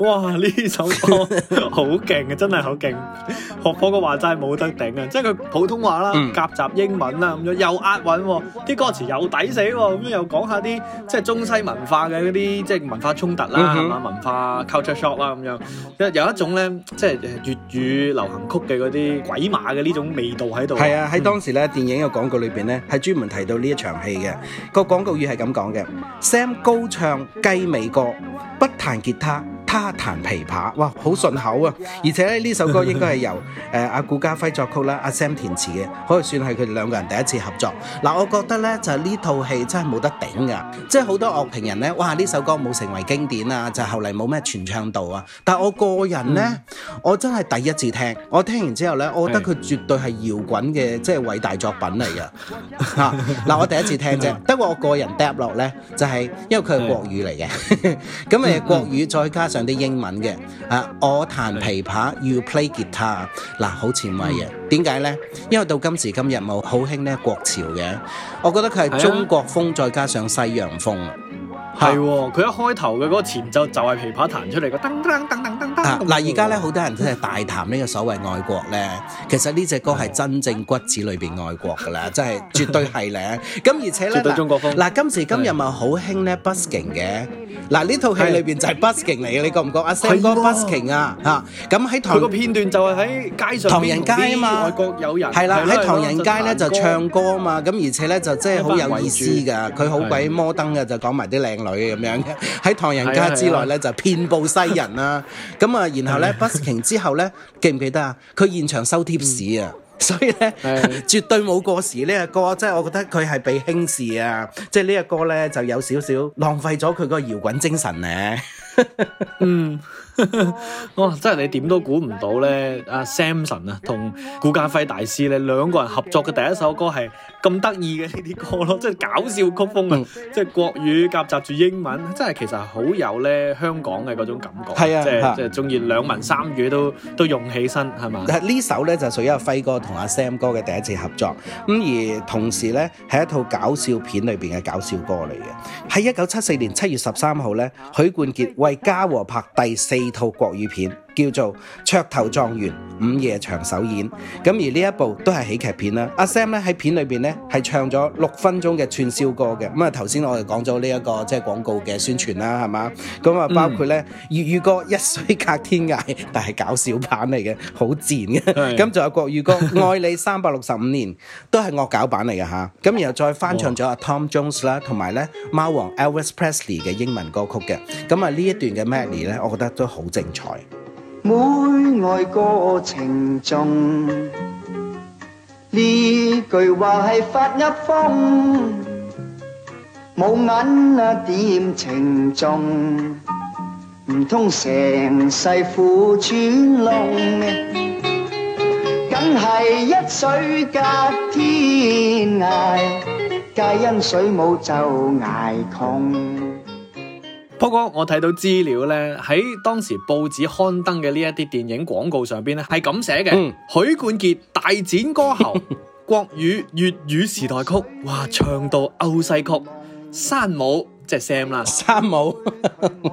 哇！呢首歌 好勁啊，真係好勁。學波哥話齋冇得頂啊！即係佢普通話啦，嗯、夾雜英文啦咁樣，又押韻，啲歌詞又抵死咁樣，又講下啲即係中西文化嘅嗰啲即係文化衝突啦、嗯哼，文化 culture shock 啦咁樣，有一種咧即係粵語流行曲嘅嗰啲鬼馬嘅呢種味道喺度。係啊，喺當時咧、嗯、電影嘅廣告裏邊咧係專門提到呢一場戲嘅，個廣告語係咁講嘅。Sam 高唱雞美歌，不彈吉他。我彈琵琶，哇，好順口啊！ 而且咧呢首歌應該係由誒阿、呃、顧嘉輝作曲啦，阿、啊、Sam 填詞嘅，可以算係佢哋兩個人第一次合作。嗱，我覺得呢就係呢套戲真係冇得頂㗎，即係好多樂評人呢，哇呢首歌冇成為經典啊，就是、後嚟冇咩傳唱度啊。但係我個人呢，嗯、我真係第一次聽，我聽完之後呢，我覺得佢絕對係搖滾嘅即係偉大作品嚟㗎嚇。嗱是的、 啊，我第一次聽啫，不過 我個人搭落呢，就係、是、因為佢係國語嚟嘅，咁誒 國語再加上。 啲英文嘅，啊，我彈琵琶，<的 >you play guitar、啊，嗱，好前衛嘅，點解呢？因為到今時今日冇好興呢國潮嘅，我覺得佢係中國風再加上西洋風。係喎，佢一開頭嘅嗰個前奏就係琵琶彈出嚟嘅，噔噔噔噔噔，嗱，而家咧好多人都係大談呢個所謂愛國咧，其實呢隻歌係真正骨子裏邊愛國㗎啦，真係絕對係咧。咁而且咧，中國風，嗱，今時今日咪好興咧 busking 嘅，嗱，呢套戲裏邊就係 busking 嚟嘅，你覺唔覺？阿 Sam 哥 busking 啊，嚇！咁喺佢個片段就係喺街上唐人街啊嘛，外國有人係啦，喺唐人街咧就唱歌啊嘛，咁而且咧就真係好有意思㗎，佢好鬼摩登 d 嘅，就講埋啲靚女。咁樣嘅喺唐人街之內咧 就遍佈西人啦，咁啊， 然後咧 ，busking 之後咧，記唔記得啊？佢現場收貼士啊，所以咧 絕對冇過時呢個歌，即係我覺得佢係被輕視啊，即係呢個歌咧就有少少浪費咗佢個搖滾精神咧。 嗯，哇！真係你點都估唔到咧，阿 Sam 神啊，同顧嘉輝大師咧兩個人合作嘅第一首歌係咁得意嘅呢啲歌咯，即係搞笑曲風啊，即係國語夾雜住英文，真係其實好有咧香港嘅嗰種感覺。係啊，即係即係中意兩文三語都都用起身係嘛？呢首咧就屬於阿輝哥同阿 Sam 哥嘅第一次合作，咁而同時咧係一套搞笑片裏邊嘅搞笑歌嚟嘅。喺一九七四年七月十三號咧，許冠傑。為嘉禾拍第四套國語片。叫做《綽頭狀元》，午夜場首演咁，而呢一部都係喜劇片啦。阿、啊、Sam 咧喺片裏邊咧係唱咗六分鐘嘅串燒歌嘅咁啊。頭先我哋講咗呢一個即係廣告嘅宣傳啦，係嘛咁啊，嗯、包括咧粵語歌《一水隔天涯》，但係搞笑版嚟嘅，好賤嘅。咁仲是 有國語歌《愛你三百六十五年》， 都係惡搞版嚟嘅吓，咁然後再翻唱咗阿哇、啊、Tom Jones 啦，同埋咧貓王 Elvis Presley 嘅英文歌曲嘅咁啊。呢、嗯嗯、一段嘅 medley 咧，我覺得都好精彩。每愛個情重，呢句話係發一風，冇銀啊點情重？唔通成世苦穿窿？梗係一水隔天涯，皆因水母就捱窮。波哥，我睇到資料呢，喺當時報紙刊登嘅呢一啲電影廣告上邊咧，係咁寫嘅：嗯、許冠傑大展歌喉，國語、粵語時代曲，哇，唱到歐西曲，山姆即係 Sam 啦，山姆母，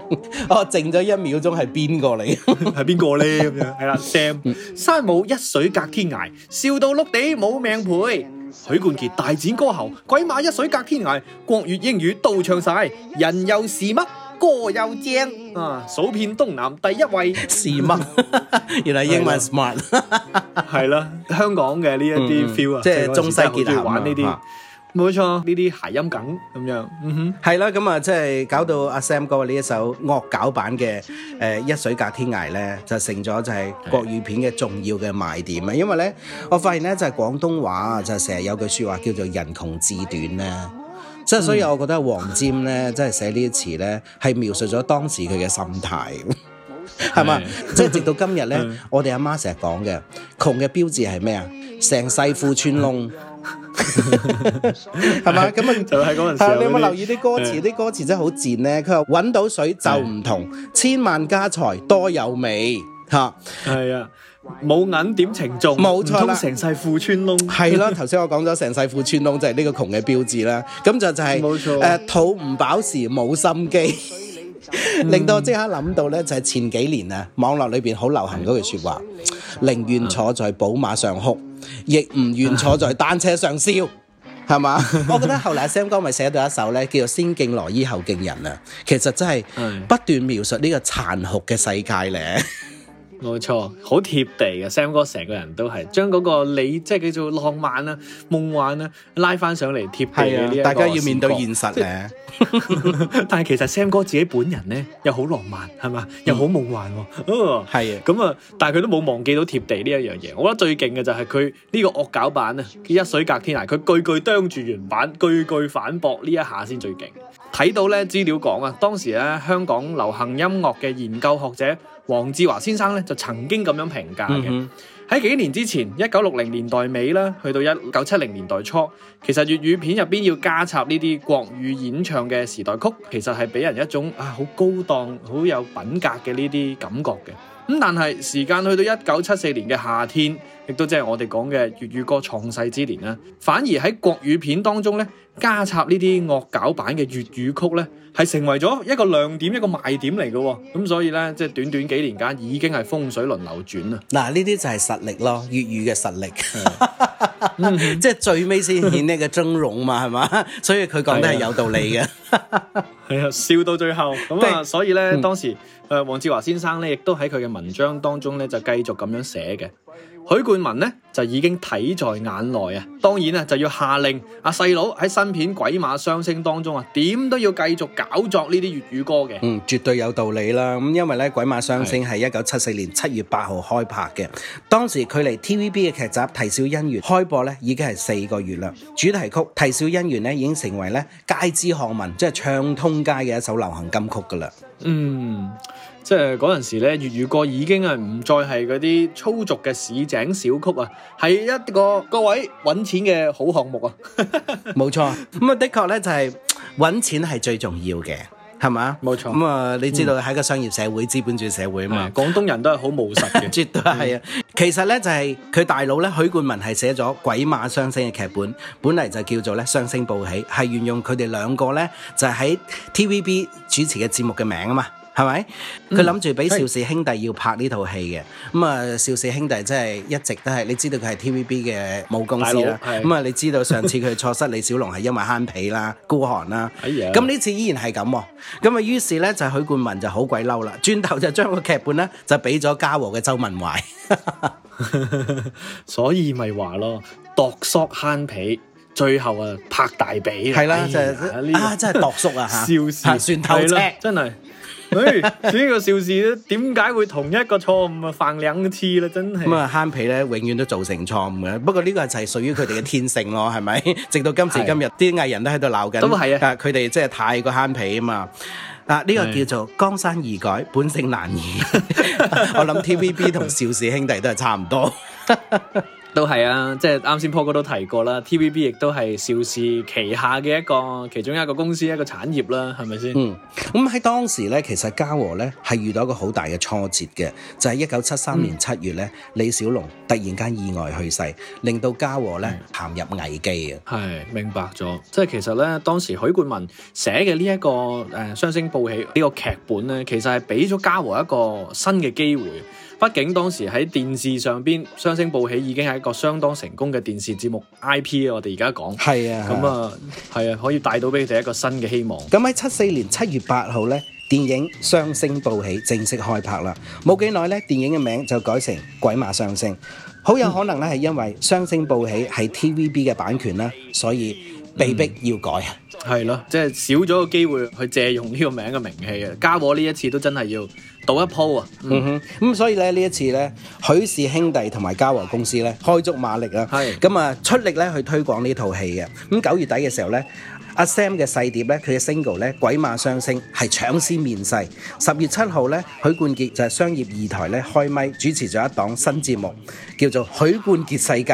我靜咗一秒鐘，係邊個嚟？係邊個咧？咁樣，係啦，Sam，山姆一水隔天涯，笑到碌地冇命陪。許冠傑大展歌喉，鬼馬一水隔天涯，國粵英語都唱曬，人又是乜？歌又正啊，數遍東南第一位 s m 原嚟英文 smart，係啦，香港嘅呢一啲 feel 啊，即係中西結合啊，呢啲冇錯，呢啲諧音梗咁樣，嗯哼，係啦，咁啊，即係搞到阿 Sam 哥呢一首惡搞版嘅誒、呃、一水隔天涯咧，就成咗就係國語片嘅重要嘅賣點啊，的因為咧，我發現咧就係、是、廣東話就成、是、日有句說話叫做人窮志短咧。啊即係所以，我覺得黃霑咧，即係寫呢啲詞咧，係描述咗當時佢嘅心態，係 嘛吧？ 即係直到今日咧，我哋阿媽成日講嘅，窮嘅標誌係咩啊？成世褲穿窿，係嘛？咁啊， 係 啊！你有冇留意啲歌詞？啲 歌詞真係好賤咧。佢話揾到水就唔同， 千萬家財多有味，嚇。係啊。冇銀點情做，冇錯啦，成世褲穿窿係啦。頭先我講咗成世褲穿窿就係呢個窮嘅標誌啦。咁就就係、是、誒錯、啊，肚唔飽時冇心機，嗯、令到我即刻諗到呢，就係前幾年啊，網絡裏邊好流行嗰句說話，寧願、嗯、坐在寶馬上哭，亦唔願坐在單車上笑，嗯、吧笑，係嘛？我覺得後來 Sam 哥咪寫到一首呢，叫做先敬羅衣後敬人啊，其實真係不斷描述呢個殘酷嘅世界呢。 冇錯，好貼地嘅 Sam 哥，成個人都係將嗰個你即係叫做浪漫啊、夢幻啊拉翻上嚟貼地嘅，大家要面對現實咧。 但係其實 Sam 哥自己本人咧，又好浪漫係嘛？嗯、又好夢幻喎、哦。係咁啊，但係佢都冇忘記到貼地呢一樣嘢。我覺得最勁嘅就係佢呢個惡搞版啊，一水隔天涯，佢句句啄住原版，句句反駁呢一下先最勁。睇到咧資料講啊，當時咧香港流行音樂嘅研究學者。黃志華先生咧就曾經咁樣評價嘅，喺、嗯嗯、幾年之前，一九六零年代尾啦，去到一九七零年代初，其實粵語片入邊要加插呢啲國語演唱嘅時代曲，其實係俾人一種啊好高檔、好有品格嘅呢啲感覺嘅。咁、嗯、但係時間去到一九七四年嘅夏天。亦都即係我哋講嘅粵語歌創世之年啦。反而喺國語片當中咧，加插呢啲惡搞版嘅粵語曲咧，係成為咗一個亮點，一個賣點嚟嘅。咁所以咧，即係短短幾年間已經係風水輪流轉啦。嗱，呢啲就係實力咯，粵語嘅實力， 即係最尾先顯呢個崢嶸嘛，係嘛。所以佢講得係有道理嘅。係啊, 笑到最後咁啊。對 所以咧，嗯、當時誒，黃志華先生咧，亦都喺佢嘅文章當中咧，就繼續咁樣寫嘅。許冠文呢就已經睇在眼內啊，當然呢、啊、就要下令阿細佬喺新片《鬼馬雙星》當中啊，點都要繼續搞作呢啲粵語歌嘅。嗯，絕對有道理啦。咁因為呢，《鬼馬雙星》係一九七四年七月八號開拍嘅，當時距離 T V B 嘅劇集《啼笑姻緣》開播呢已經係四個月喇。主題曲《啼笑姻緣》呢，已經成為呢街知巷聞，即係唱通街嘅一首流行金曲噶啦。嗯，即係嗰陣時咧，粵語歌已經係唔再係嗰啲粗俗嘅市井小曲啊，係一個各位搵錢嘅好項目啊，冇 錯錯，咁啊 的確咧就係、是、搵錢係最重要嘅。係嘛？冇錯。咁啊錯、嗯，你知道喺個商業社會、資、嗯、本主義社會嘛？廣、嗯、東人都係好務實嘅， 絕對係是啊。嗯、其實呢，就係佢大佬咧，許冠文係寫咗《鬼馬雙星》嘅劇本，本嚟就叫做咧《雙星報喜》，係沿用佢哋兩個呢，就係喺 TVB 主持嘅節目嘅名啊嘛。係咪？佢諗住俾邵氏兄弟要拍呢套戲嘅，咁啊邵氏兄弟真係一直都係，你知道佢係 T V B 嘅母公司啦。咁啊，你知道上次佢錯失李小龍係因為慳皮啦、孤寒啦。咁呢、哎、呀次依然係咁，咁啊，於是咧就許冠文就好鬼嬲啦，轉頭就將個劇本咧就俾咗嘉禾嘅鄒文懷， 所以咪話咯，度叔慳皮，最後啊拍大髀。係啦，就啊，啊真係度叔啊吓，邵氏算透徹，真係。 誒，至於個邵氏咧，點解會同一個錯誤啊犯兩次咧？真係咁啊，慳皮咧，永遠都造成錯誤嘅。不過呢個係就係屬於佢哋嘅天性咯，係咪？直到今時今日，啲藝 的人都喺度鬧緊，都係啊，佢哋真係太過慳皮啊嘛。嗱、啊，呢個叫做江山易改，本性難移。 我諗 TVB 同邵氏兄弟都係差唔多。 都係啊，即係啱先 Paul 哥都提過啦，TVB 亦都係邵氏旗下嘅一個其中一個公司、mm. 一個產業啦，係咪先？嗯，咁喺當時咧，其實嘉禾咧係遇到一個好大嘅挫折嘅，就係一九七三年七月咧，mm. 李小龍突然間意外去世，令到嘉禾咧陷入危機啊。係明白咗，即係其實咧，當時許冠文寫嘅呢一個誒雙星報喜個劇呢個劇本咧，其實係俾咗嘉禾一個新嘅機會。畢竟當時喺電視上邊《雙星報喜》已經係一個相當成功嘅電視節目 IP 我哋而家講，係啊，咁啊，係啊，可以帶到俾佢哋一個新嘅希望。咁喺七四年七月八號呢，電影《雙星報喜》正式開拍啦。冇幾耐呢，電影嘅名就改成《鬼馬雙星》，好有可能咧係因為《雙星報喜》係 TVB 嘅版權啦，所以。被逼要改啊，係咯，即係少咗個機會去借用呢個名嘅名氣嘅。嘉禾呢一次都真係要賭一鋪啊，嗯哼，咁所以咧呢一次咧，許氏兄弟同埋嘉禾公司咧開足馬力啊，係，咁啊出力咧去推廣呢套戲嘅。咁九月底嘅時候咧，阿 Sam 嘅細碟咧，佢嘅 single 咧，《鬼馬雙星》係搶先面世。十月七號咧，許冠傑就係商業二台咧開咪主持咗一檔新節目，叫做《許冠傑世界》。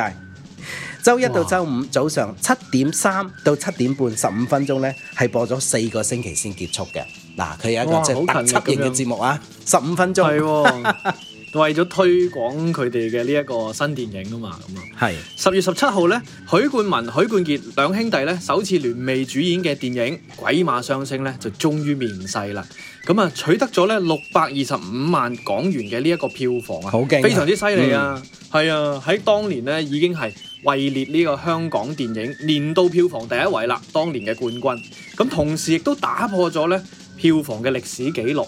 周一到周五早上七點三到七點半十五分鐘咧，係播咗四個星期先結束嘅。嗱、啊，佢有一個即係特輯嘅節目啊，十五樣分鐘係，哦、 為咗推廣佢哋嘅呢一個新電影啊嘛，咁啊係。十月十七號咧，許冠文、許冠傑兩兄弟咧首次聯袂主演嘅電影《鬼馬相星》咧就終於面世啦。咁啊，取得咗咧六百二十五萬港元嘅呢一個票房啊，非常之犀利啊，係、嗯、啊，喺當年咧已經係。位列呢個香港電影年度票房第一位啦，當年嘅冠軍，咁同時亦都打破咗票房嘅歷史紀錄。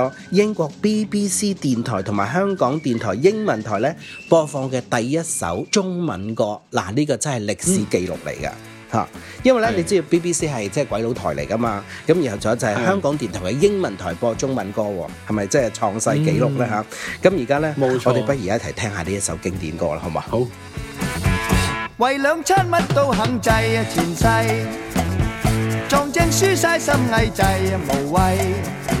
英國 BBC 電台同埋香港電台英文台咧播放嘅第一首中文歌，嗱呢、這個真係歷史記錄嚟噶吓。嗯、因為咧是你知道 BBC 係即係鬼佬台嚟噶嘛，咁然後仲有就係香港電台嘅英文台播中文歌，係咪即係創世紀錄咧吓？咁而家咧，啊、冇錯，我哋不如一齊聽下呢一首經典歌啦，好嘛？好。為兩餐乜都肯制，前世撞正輸晒心翳滯，無謂。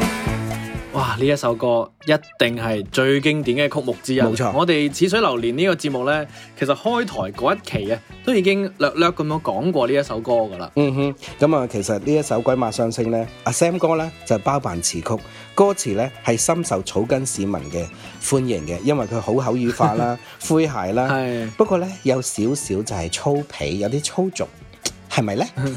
哇！呢一首歌一定係最經典嘅曲目之一。冇錯錯，我哋《似水流年》呢，這個節目呢，其實開台嗰一期啊，都已經略略咁樣講過呢一首歌噶啦。嗯哼，咁，嗯、啊，其實呢一首《鬼馬雙星》呢，阿 Sam 哥呢，就是，包辦詞曲，歌詞呢，係深受草根市民嘅歡迎嘅，因為佢好口語化啦，詼諧啦。係，不過呢，有少少就係粗鄙，有啲粗俗。係咪咧？是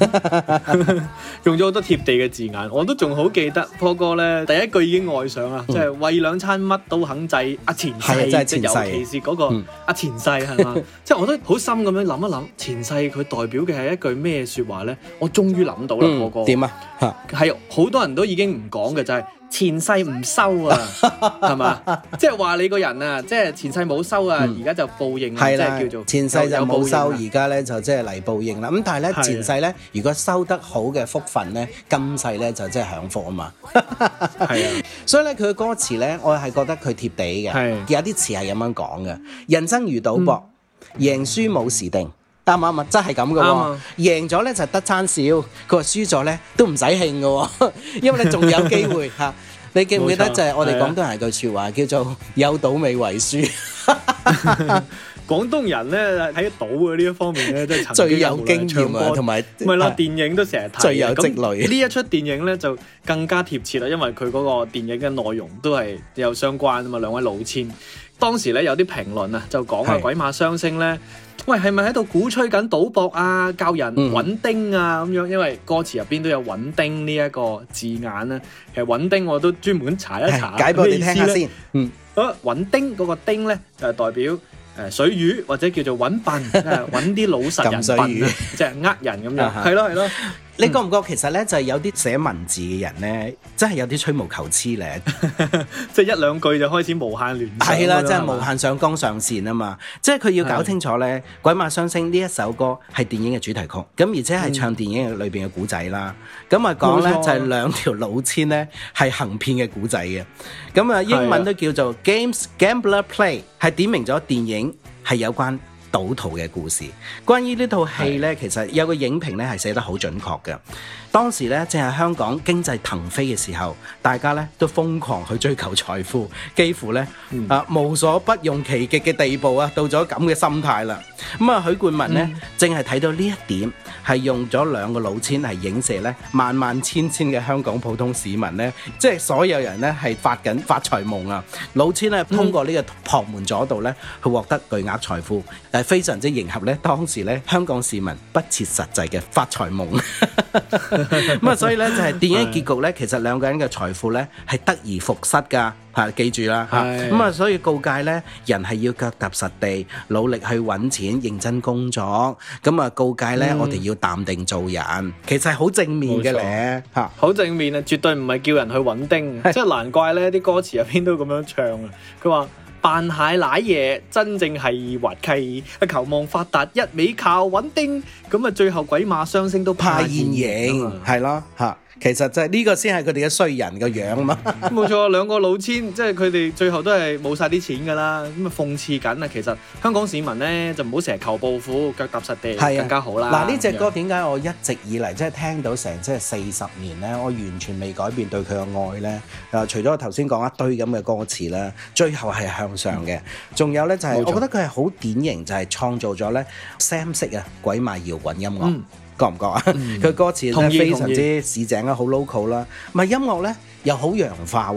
是呢 用咗好多貼地嘅字眼，我都仲好記得。波哥咧第一句已經愛上啦，即係、嗯、為兩餐乜都肯制」。阿前世即係尤其是嗰、那個阿、嗯啊、前世係嘛，即係 我都好深咁樣諗一諗，前世佢代表嘅係一句咩說話咧？我終於諗到啦，波、嗯、哥點啊？吓係好多人都已經唔講嘅就係、是。前世唔修啊，係嘛？ 即係話你個人啊，即係前世冇修啊，而家、嗯、就報應啦，嗯、叫做有有前世就冇修，而家咧就即係嚟報應啦。咁但係咧，前世咧如果修得好嘅福分咧，今世咧就即係享福啊嘛。係 啊的，所以咧佢嘅歌詞咧，我係覺得佢貼地嘅，的有啲詞係咁樣講嘅。人生如賭博，贏輸冇時定。但物質係咁嘅嘛。贏咗咧就係得餐笑，佢話輸咗咧都唔使慶嘅喎，因為你仲有機會嚇。你記唔記得就係我哋廣東人嘅句説話叫做有賭未為輸。廣東人咧喺賭嘅呢一方面咧，都係最有經驗啊，同埋唔係啦，電影都成日睇。最有積累。呢一出電影咧就更加貼切啦，因為佢嗰個電影嘅內容都係有相關啊嘛。兩位老千當時咧有啲評論啊，就講啊鬼馬雙星咧。喂，係咪喺度鼓吹緊賭博啊？教人揾丁啊咁、嗯、樣，因為歌詞入邊都有揾丁呢一、這個字眼咧。其實揾丁我都專門查一查，解俾你聽先。嗯，啊揾丁嗰個丁咧就代表誒水魚或者叫做揾笨，揾啲、就是、老實人笨即係呃人咁樣。係咯係咯。 了 你覺唔覺其實咧就係、是、有啲寫文字嘅人咧，真係有啲吹毛求疵咧， 即係一兩句就開始無限聯繫，係 啦，即係吧無限上綱上線啊嘛！即係佢要搞清楚咧，《是的 鬼馬雙星》呢一首歌係電影嘅主題曲，咁是的 而且係唱電影裏邊嘅古仔啦。咁、嗯、錯啊講咧就係兩條老千咧係行騙嘅古仔嘅，咁啊英文都叫做 Games Gambler Play，係 點明咗電影係有關。賭徒嘅故事，關於呢套戲呢，的其實有個影評呢，係寫得好準確嘅。當時咧，正係香港經濟騰飛嘅時候，大家咧都瘋狂去追求財富，幾乎咧啊無所不用其極嘅地步啊，到咗咁嘅心態啦。咁啊，許冠文咧淨係睇到呢一點，係用咗兩個老千嚟影射咧萬萬千千嘅香港普通市民咧，即係所有人咧係發緊發財夢啊。老千咧通過呢個旁門左道咧去獲得巨額財富，係非常之迎合咧當時咧香港市民不切實際嘅發財夢。咁啊，所以咧就係電影結局咧，其實兩個人嘅財富咧係得而復失噶吓，記住啦吓。咁啊，所以告誡咧，人係要腳踏實地，努力去搵錢，認真工作。咁啊，告誡咧，我哋要淡定做人。其實係好正面嘅咧，吓，好正面啊，絕對唔係叫人去搵丁。即係難怪咧，啲歌詞入邊都咁樣唱啊，佢話。扮蟹奶嘢，真正係滑稽。啊，求望發達一味靠穩定。咁啊，最後鬼馬雙星都怕現形，係咯， 吓。其實就係呢個先係佢哋嘅衰人嘅樣啊嘛、嗯，冇錯，兩 個老千，即係佢哋最後都係冇晒啲錢噶啦，咁啊諷刺緊啊。其實香港市民咧就唔好成日求暴富，腳踏實地係更加好啦。嗱的，呢隻歌點解我一直以嚟即係聽到成即係四十年咧，我完全未改變對佢嘅愛咧？誒，除咗我頭先講一堆咁嘅歌詞啦，最後係向上嘅，仲、嗯、有咧就係沒錯 我覺得佢係好典型，就係、是、創造咗咧，聲色啊，鬼馬搖滾音樂。覺唔覺啊？佢歌詞咧、嗯、非常之市井啦，好 local 啦，咪音樂咧又好洋化，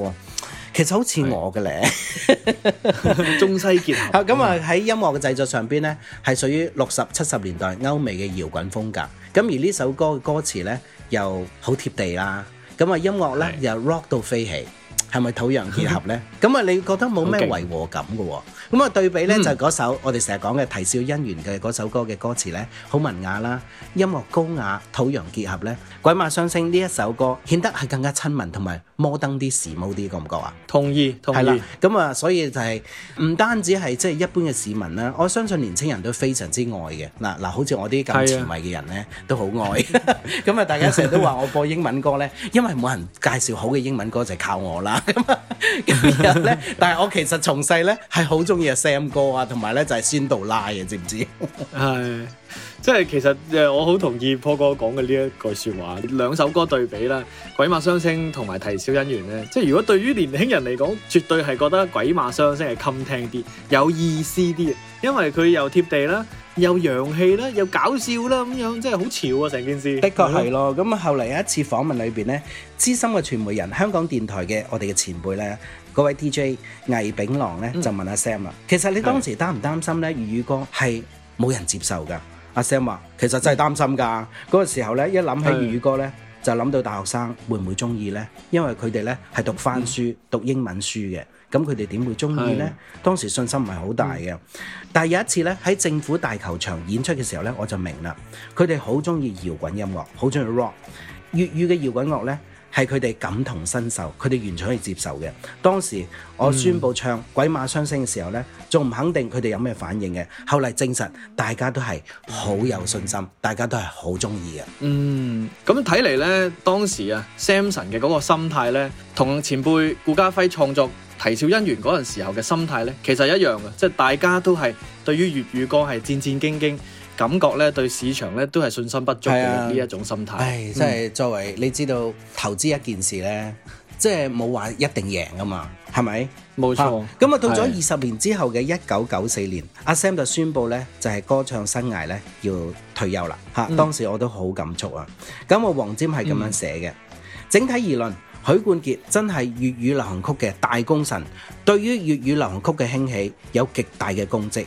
其實好似我嘅咧，是的 中西結合。咁啊喺音樂嘅製作上邊咧，係屬於六十七十年代歐美嘅搖滾風格。咁而呢首歌嘅歌詞咧又好貼地啦。咁啊音樂咧的又 rock 到飛起，係咪土洋結合咧？咁啊 你覺得冇咩違和感嘅？Okay. 咁啊，對比咧就係首我哋成日講嘅《啼笑姻緣》嘅首歌嘅歌詞咧，好文雅啦，音樂高雅，土洋結合咧，《鬼馬雙星》呢一首歌顯得係更加親民同埋摩登啲，時髦啲，感覺啊？同意，同意。啦，咁啊，所以就係唔單止係即係一般嘅市民啦，我相信年青人都非常之愛嘅。嗱嗱，好似我啲咁前衛嘅人咧，都好愛，咁啊，大家成日都話我播英文歌咧，因為冇人介紹好嘅英文歌就靠我啦。咁啊，咁然咧，但係我其實從細咧係好中。 阿 Sam 哥啊，同埋咧就係仙杜拉嘅，知唔知？係， 即係其實誒，我好同意 Paul 哥講嘅呢一句說話。兩首歌對比啦，《鬼馬雙星》同埋《啼笑姻緣》咧，即係如果對於年輕人嚟講，絕對係覺得《鬼馬雙星》係襟聽啲，有意思啲，因為佢又貼地啦，又洋氣啦，又搞笑啦，咁樣即係好潮啊！成件事的確係咯。咁吧後嚟有一次訪問裏邊咧，資深嘅傳媒人，香港電台嘅我哋嘅前輩咧。嗰位 DJ 魏炳郎咧、嗯、就問阿 Sam 啦，其實你當時擔唔擔心咧粵語歌係冇人接受噶？阿、啊、Sam 話：「其實真係擔心㗎。嗰、嗯、個時候咧，一諗起粵語歌咧，就諗到大學生會唔會中意咧？因為佢哋咧係讀翻書、嗯、讀英文書嘅，咁佢哋點會中意咧？嗯、當時信心唔係好大嘅。嗯、但係有一次咧喺政府大球場演出嘅時候咧，我就明啦，佢哋好中意搖滾音樂，好中意 rock 粵語嘅搖滾樂咧。呢係佢哋感同身受，佢哋完全可以接受嘅。當時我宣布唱《鬼馬雙星》嘅時候呢，仲唔肯定佢哋有咩反應嘅。後嚟證實，大家都係好有信心，大家都係好中意嘅。嗯，咁睇嚟呢，當時啊，Samson 嘅嗰個心態呢，同前輩顧嘉輝創作《啼笑姻緣》嗰陣時候嘅心態呢，其實一樣嘅，即係大家都係對於粵語歌係戰戰兢兢。感覺咧對市場咧都係信心不足嘅呢一種心態，即係作為你知道投資一件事咧，即係冇話一定贏噶嘛，係咪？冇錯。咁啊，到咗二十年之後嘅一九九四年，阿 Sam 就宣布咧就係歌唱生涯咧要退休啦。嚇，當時我都好感觸啊。咁我，黃霑係咁樣寫嘅。整體而論，許冠傑真係粵語流行曲嘅大功臣，對於粵語流行曲嘅興起有極大嘅功績。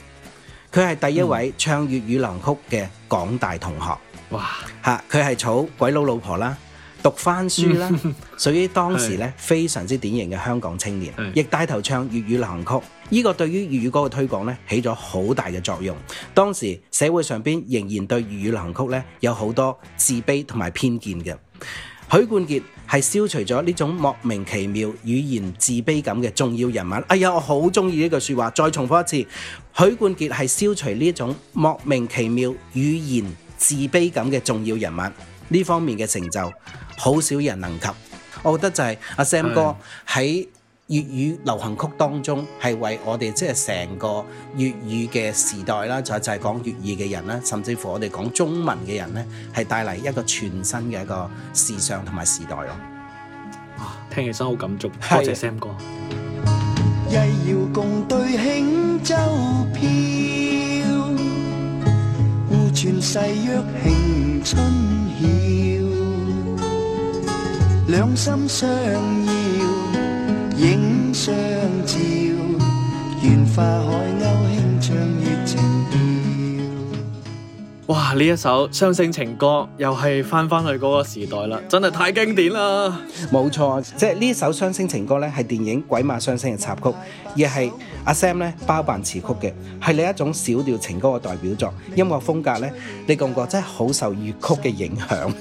佢係第一位唱粵語流行曲嘅港大同學，哇！嚇，佢係討鬼佬老，老婆啦，讀番書啦， 屬於當時咧非常之典型嘅香港青年，亦 帶頭唱粵語流行曲。呢、這個對於粵語歌嘅推廣咧起咗好大嘅作用。當時社會上邊仍然對粵語流行曲咧有好多自卑同埋偏見嘅，許冠傑係消除咗呢種莫名其妙語言自卑感嘅重要人物。哎呀，我好中意呢句說話，再重複一次。許冠傑係消除呢種莫名其妙語言自卑感嘅重要人物，呢方面嘅成就好少人能及。我覺得就係阿 Sam 哥喺的。粵語流行曲當中，係為我哋即係成個粵語嘅時代啦，就就係講粵語嘅人啦，甚至乎我哋講中文嘅人咧，係帶嚟一個全新嘅一個時尚同埋時代咯。哇，聽起身好感觸，多謝 Sam 哥。曳搖共對輕舟飄，互傳誓約慶春曉，兩心相邀影相照，願化海鷗。哇！呢一首雙星情歌又係翻翻去嗰個時代啦，真係太經典啦！冇錯，即係呢一首雙星情歌咧，係電影《鬼馬雙星》嘅插曲，而係阿 Sam 咧包辦詞曲嘅，係另一種小調情歌嘅代表作。音樂風格咧，你覺唔覺真係好受粵曲嘅影響？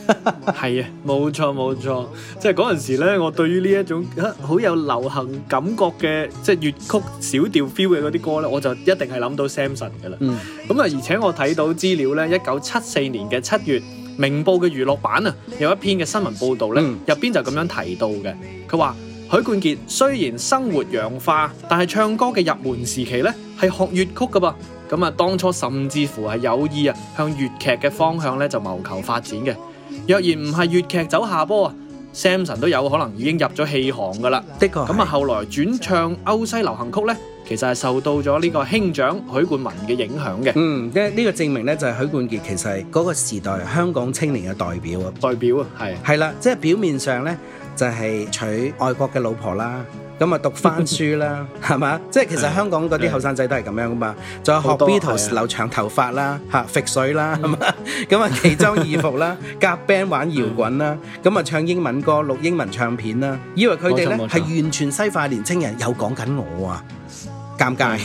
係啊，冇錯冇錯，即係嗰陣時咧，我對於呢一種好有流行感覺嘅即係粵曲小調 feel 嘅嗰啲歌咧，我就一定係諗到 Samson 噶啦。嗯，咁啊，而且我睇到資料咧一，一九七四年嘅七月，《明報》嘅娛樂版啊，有一篇嘅新聞報道咧，入邊、嗯、就咁樣提到嘅。佢話許冠傑雖然生活洋化，但係唱歌嘅入門時期咧，係學粵曲噶噃。咁啊，當初甚至乎係有意啊，向粵劇嘅方向咧就謀求發展嘅。若然唔係粵劇走下坡啊，Samson 都有可能已經入咗戲行噶啦。的確，咁啊，後來轉唱歐西流行曲咧。其實係受到咗呢個兄長許冠文嘅影響嘅。嗯，因為呢個證明咧就係許冠傑其實係嗰個時代香港青年嘅代表啊。代表啊，係。係啦，即係表面上咧就係娶外國嘅老婆啦，咁啊讀翻書啦，係嘛？即係其實香港嗰啲後生仔都係咁樣噶嘛。仲有學 Beatles 留長頭髮啦，嚇，肥水啦，係嘛？咁啊奇裝異服啦，夾 band 玩搖滾啦，咁啊唱英文歌錄英文唱片啦，以為佢哋咧係完全西化年青人，又講緊我啊！尷尬，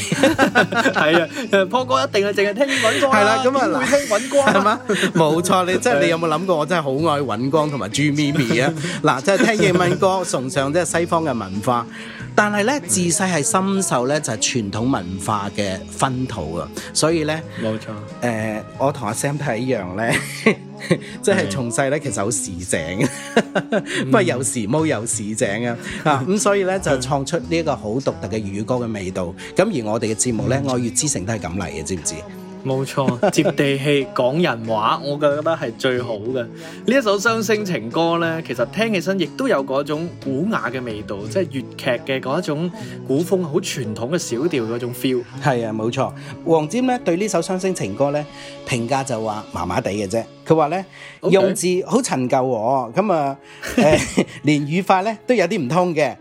係啊、 嗯 破哥一定啊，淨、就、係、是、聽尹光，係啦，咁 啊樂，嗱，聽尹光係嘛？冇錯，你即係你有冇諗過？我真係好愛尹光同埋朱咪咪啊！嗱，即係聽英文歌，崇尚即係西方嘅文化。但係咧，mm hmm. 自細係深受咧就係、是、傳統文化嘅熏陶啊，所以咧冇錯，誒、呃、我同阿 Sam 都係一樣咧，即係從細咧其實好市井，不過、mm hmm. 有時髦有市井、mm hmm. 啊，啊、嗯、咁所以咧就創出呢一個好獨特嘅粵語歌嘅味道，咁而我哋嘅節目咧《mm hmm. 愛粵之城》都係咁嚟嘅，知唔知？冇錯，接地氣講 人話，我覺得係最好嘅。呢一首雙星情歌呢，其實聽起身亦都有嗰種古雅嘅味道，即係粵劇嘅嗰一種古風，好傳統嘅小調嗰種 feel。係啊，冇錯。黃霑呢對呢首雙星情歌呢，評價就話麻麻地嘅啫。佢話呢，Okay. 用字好陳舊喎，咁啊 連語法呢都有啲唔通嘅。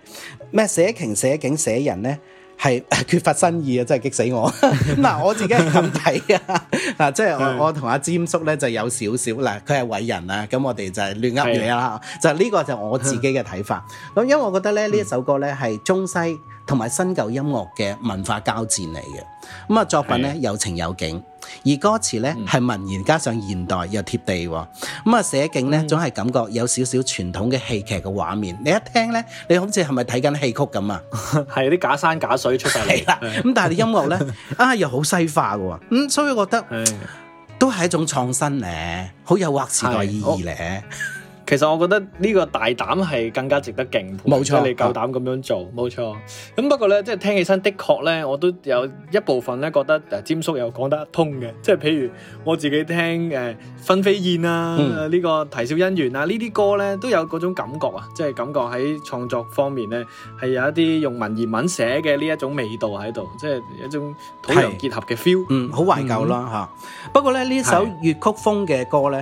咩寫情寫景寫人呢？係缺乏新意啊！真係激死我。嗱、 啊，我自己係咁睇啊。嗱，即係 我我同阿霑叔咧就有少少啦。佢係偉人啊，咁我哋就係亂噏嘢啦。的就呢、呢個就我自己嘅睇法。咁 因為我覺得咧呢一首歌咧係中西同埋新舊音樂嘅文化交戰嚟嘅。咁啊作品咧的有情有景。而歌詞呢，係、嗯、文言加上現代又貼地、哦，咁啊寫景呢，總係感覺有少少傳統嘅戲劇嘅畫面。你一聽呢，你好似係咪睇緊戲曲咁啊？係 啲假山假水出嚟。啦，咁但係你音樂呢， 啊，又好西化嘅，咁、嗯、所以我覺得的都係一種創新呢，好有劃時代意義呢。其實我覺得呢個大膽係更加值得敬佩，冇錯，你夠膽咁樣做。冇錯，咁不過呢，即係聽起身的確呢，我都有一部分呢覺得誒詹叔又講得通嘅。即係譬如我自己聽誒《分飛燕》啊，呢個《啼笑姻緣》啊，呢啲歌呢，都有嗰種感覺啊，即係感覺喺創作方面呢，係有一啲用文言文寫嘅呢一種味道喺度，即係一種土洋結合嘅 feel，嗯，好懷舊啦嚇。不過呢，呢首粵曲風嘅歌呢。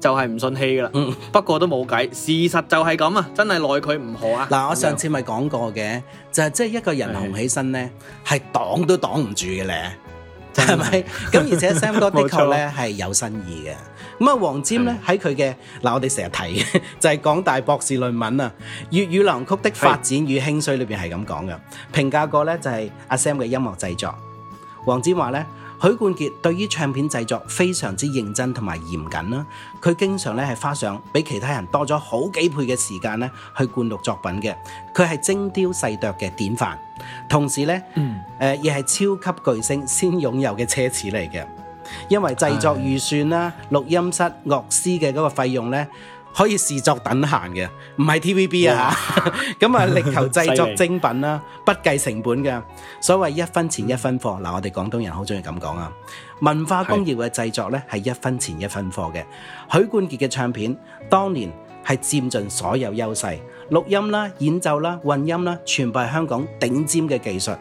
就係唔信氣噶啦，嗯、不過都冇計，事實就係咁啊，真係奈佢唔何啊！嗱，我上次咪講過嘅，就係即係一個人紅起身咧，係擋的都擋唔住嘅咧，係咪？咁而且 Sam 哥的確咧係有新意嘅。咁的啊，黃霑咧喺佢嘅嗱，我哋成日提嘅，就係、是、港大博士論文啊，《粵語流行曲的發展與興衰》裏邊係咁講嘅，評價的過咧就係阿 Sam 嘅音樂製作。黃霑話咧。許冠傑對於唱片製作非常之認真同埋嚴謹啦，佢經常咧係花上比其他人多咗好幾倍嘅時間咧去灌錄作品嘅，佢係精雕細琢嘅典範，同時咧，誒亦係超級巨星先擁有嘅奢侈嚟嘅，因為製作預算啦、錄音室、樂師嘅嗰個費用咧。可以視作等閒嘅，唔係 TVB 啊，咁 啊力求製作精品啦， 害不計成本嘅。所謂一分錢一分貨，嗱、嗯、我哋廣東人好中意咁講啊。文化工業嘅製作呢係一分錢一分貨嘅。是許冠傑嘅唱片當年係佔盡所有優勢，錄音啦、演奏啦、混音啦，全部係香港頂尖嘅技術。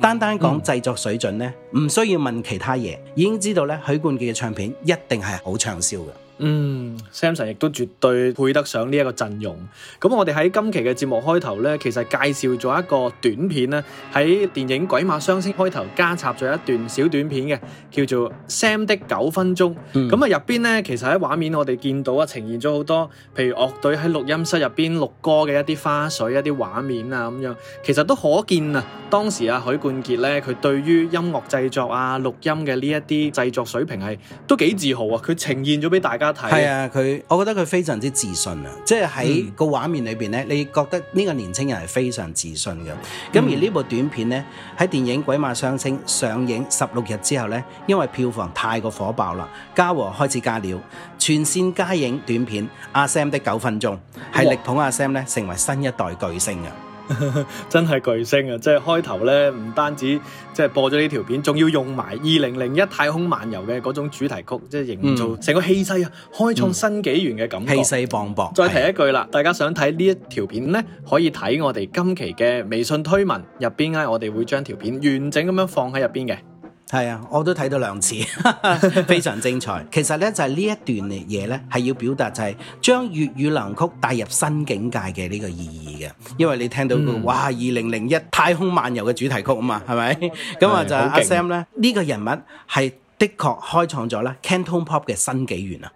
單單講製作水準呢，唔、嗯、需要問其他嘢，已經知道咧許冠傑嘅唱片一定係好暢銷嘅。嗯，Samson 亦都絕對配得上呢一個陣容。咁我哋喺今期嘅節目開頭咧，其實介紹咗一個短片咧，喺電影《鬼馬雙星》開頭加插咗一段小短片嘅，叫做《Sam 的九分鐘》。咁啊入邊咧，其實喺畫面我哋見到啊呈現咗好多，譬如樂隊喺錄音室入邊錄歌嘅一啲花絮、一啲畫面啊咁樣，其實都可見啊當時啊許冠傑咧，佢對於音樂製作啊、錄音嘅呢一啲製作水平係都幾自豪啊，佢呈現咗俾大家。係啊，佢，我覺得佢非常之自信啊，嗯、即係喺個畫面裏邊咧，你覺得呢個年青人係非常自信嘅。咁、嗯、而呢部短片咧，喺電影《鬼馬雙星》上映十六日之後咧，因為票房太過火爆啦，嘉禾開始加料，全線加映短片《阿 Sam 的九分鐘》哇，係力捧阿 Sam 咧成為新一代巨星啊！ 真係巨星啊！即係開頭咧，唔單止播咗呢條片，仲要用埋二零零一太空漫遊嘅嗰種主題曲，即係營造成、嗯、個氣勢啊，開創新紀元嘅感覺。氣勢、嗯、磅礴。再提一句啦，的大家想睇呢一條片咧，可以睇我哋今期嘅微信推文入邊咧，我哋會將條片完整咁樣放喺入邊嘅。係啊，我都睇到兩次， 非常精彩。 其實呢，就係、是、呢一段嘢咧，係要表達就係將粵語流行曲帶入新境界嘅呢個意義嘅。因為你聽到佢、那個嗯、哇，二零零一太空漫遊嘅主題曲啊嘛，係咪？咁啊就阿 Sam 呢，呢個人物係的確開創咗咧 Canton Pop 嘅新紀元啊。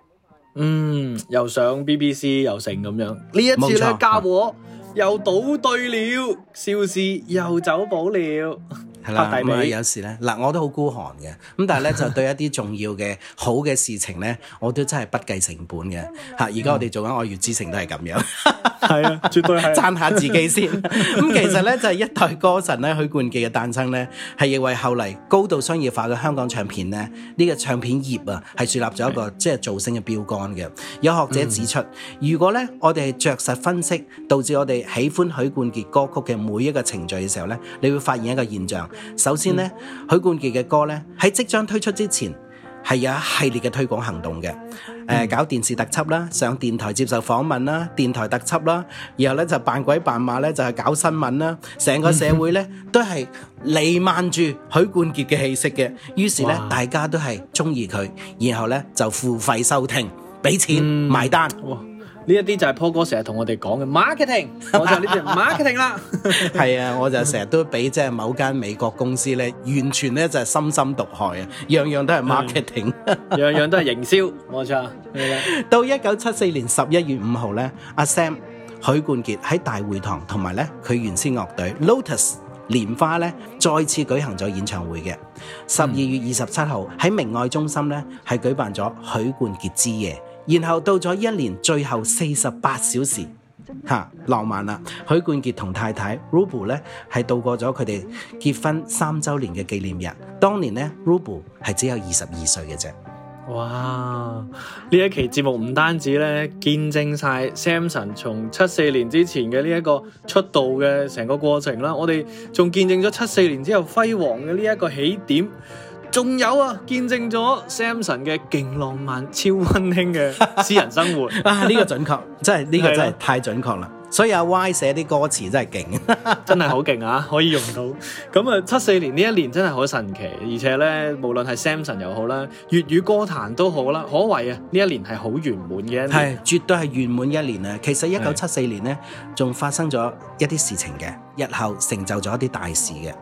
嗯，又上 BBC 又成咁樣，呢一次呢，嘉禾又倒對了，邵氏又走寶了。 係啦，咁、嗯嗯、有時咧，嗱，我都好孤寒嘅，咁但係咧 就對一啲重要嘅好嘅事情咧，我都真係不計成本嘅，嚇！而家我哋做緊愛粵之城都係咁樣。 係啊，絕對係讚下自己先。咁 其實咧，就係一代歌神咧，許冠傑嘅誕生咧，係亦為後嚟高度商業化嘅香港唱片咧，呢個唱片業啊，係樹立咗一個即係造星嘅標杆嘅。有學者指出，如果咧我哋係着實分析導致我哋喜歡許冠傑歌曲嘅每一個程序嘅時候咧，你會發現一個現象。首先咧，許冠傑嘅歌咧喺即將推出之前係有一系列嘅推廣行動嘅。誒搞電視特輯啦，上電台接受訪問啦，電台特輯啦，然後咧就扮鬼扮馬咧，就係搞新聞啦，成個社會咧都係瀰漫住許冠傑嘅氣息嘅，於是咧哇大家都係中意佢，然後咧就付費收聽，俾錢、嗯、埋單。呢一啲就係 Paul 哥成日同我哋講嘅 marketing，我就呢邊 marketing 啦。係啊，我就成日都俾即係某間美國公司咧，完全咧就係深深毒害啊，樣樣都係 marketing，樣樣都係營銷，冇錯。到一九七四年十一月五號咧，阿 Sam 許冠傑喺大會堂同埋咧佢原先樂隊 Lotus 蓮花咧再次舉行咗演唱會嘅。十二月二十七號喺明愛中心咧係舉辦咗許冠傑之夜。然後到咗一年最後四十八小時，吓、啊、浪漫啦！許冠傑同太太 Rebu 咧係度過咗佢哋結婚三周年嘅紀念日。當年咧 Rebu 係只有二十二歲嘅啫。哇！呢一期節目唔單止咧見證晒 Samson 從七四年之前嘅呢一個出道嘅成個過程啦，我哋仲見證咗七四年之後輝煌嘅呢一個起點。仲有啊，見證咗 Samson 嘅勁浪漫、超溫馨嘅私人生活 啊！呢、呢個準確，真係呢、呢個 的真係太準確啦！所以阿、啊、Y 寫啲歌詞真係勁， 真係好勁啊！可以用到咁啊！ 七四年呢一年真係好神奇，而且呢，無論係 Samson 又好啦，粵語歌壇都好啦，可謂啊，呢一年係好圓滿嘅一年，係絕對係圓滿一年啊！其實一九七四年呢，仲發生咗一啲事情嘅，日後成就咗一啲大事嘅。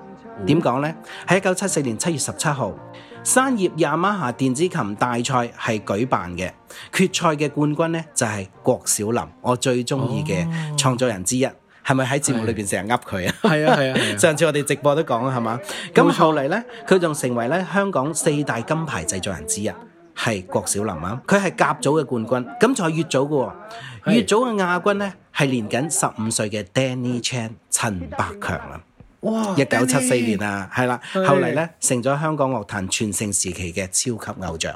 點講呢？喺一九七四年七月十七號，山葉 Yamaha 電子琴大賽係舉辦嘅，決賽嘅冠軍呢，就係、是、郭小林，我最中意嘅創作人之一，係咪喺節目裏邊成日噏佢啊？係啊係啊， 上次我哋直播都講啦，係嘛？咁後嚟呢，佢仲成為咧香港四大金牌製作人之一，係郭小林啊！佢係甲組嘅冠軍，咁就係乙組噶喎，乙組嘅亞軍呢，係年僅十五歲嘅 Danny Chan 陳百強啊。哇！一九七四年啊，係啦、啊，啊、後嚟咧成咗香港樂壇全盛時期嘅超級偶像。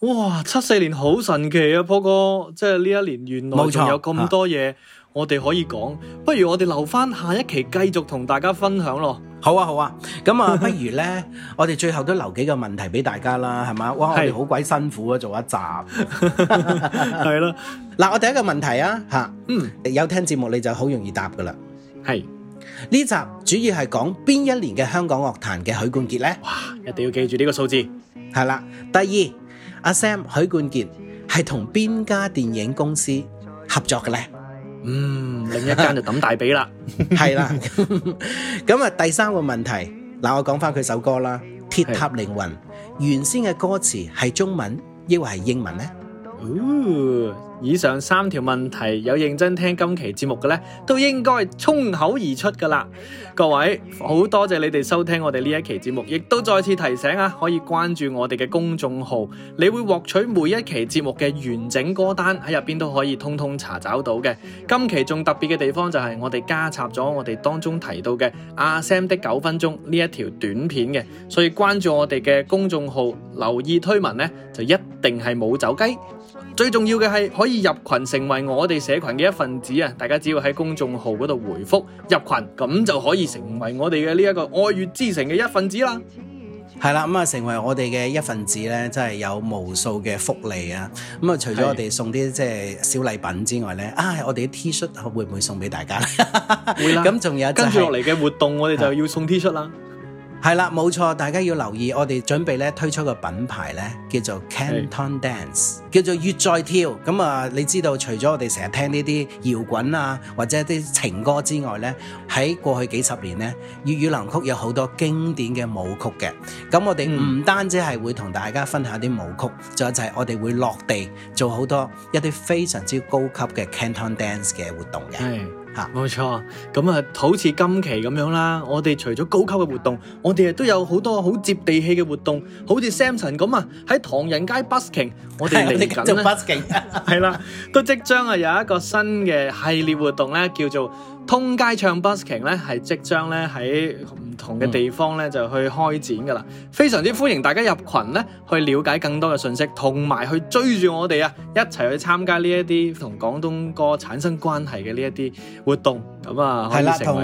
哇！七四年好神奇啊，波哥，即係呢一年原來仲有咁多嘢我哋可以講，啊、不如我哋留翻下一期繼續同大家分享咯、嗯。好啊，好啊，咁啊，不如呢，我哋最後都留幾個問題俾大家啦，係咪？哇，我哋好鬼辛苦啊，做一集係咯。嗱、啊啊，我第一個問題啊，吓、啊，嗯、啊，有聽節目你就好容易答噶啦，係、啊。呢集主要係講邊一年嘅香港樂壇嘅許冠傑咧？哇，一定要記住呢個數字。係啦，第二阿 Sam 許冠傑係同邊家電影公司合作嘅咧？嗯，另一間就抌大髀啦。係啦，咁啊第三個問題，嗱，我講翻佢首歌啦，《鐵塔凌雲》，原先嘅歌詞係中文抑或係英文咧？嗯。以上三條問題有認真聽今期節目嘅咧，都應該衝口而出噶啦。各位，好多謝你哋收聽我哋呢一期節目，亦都再次提醒啊，可以關注我哋嘅公眾號，你會獲取每一期節目嘅完整歌單，喺入邊都可以通通查找到嘅。今期仲特別嘅地方就係我哋加插咗我哋當中提到嘅阿 Sam 的九分鐘呢一條短片嘅，所以關注我哋嘅公眾號，留意推文咧就一定係冇走雞。最重要嘅係可以入群成為我哋社羣嘅一份子啊！大家只要喺公眾號嗰度回復入群，咁就可以成為我哋嘅呢一個愛粵之城嘅一份子啦。係啦，咁啊成為我哋嘅一份子咧，真係有無數嘅福利啊！咁啊，除咗我哋送啲即係小禮品之外咧，啊，我哋啲 T 恤會唔會送俾大家？會啦。咁仲 有跟住落嚟嘅活動，我哋就要送 T 恤啦。係啦，冇錯，大家要留意，我哋準備咧推出個品牌咧，叫做 Canton Dance，是叫做粵再跳。咁啊、嗯，你知道除咗我哋成日聽呢啲搖滾啊，或者啲情歌之外咧，喺過去幾十年咧，粵語流行曲有好多經典嘅舞曲嘅。咁我哋唔單止係會同大家分享啲舞曲，仲有、嗯、就係我哋會落地做好多一啲非常之高級嘅 Canton Dance 嘅活動嘅。嗯冇錯，咁啊，好似今期咁樣啦，我哋除咗高級嘅活動，我哋亦都有好多好接地氣嘅活動，好似 Samson 咁啊，喺唐人街 Busking，我哋嚟緊，做 Busking，係啦，都即將啊有一個新嘅系列活動咧，叫做通街唱 busking 咧，係即將咧喺唔同嘅地方就去開展噶啦，非常之歡迎大家入群去了解更多嘅信息，同埋去追住我哋一齊去參加呢一啲同廣東歌產生關係嘅呢啲活動，咁啊，係啦，同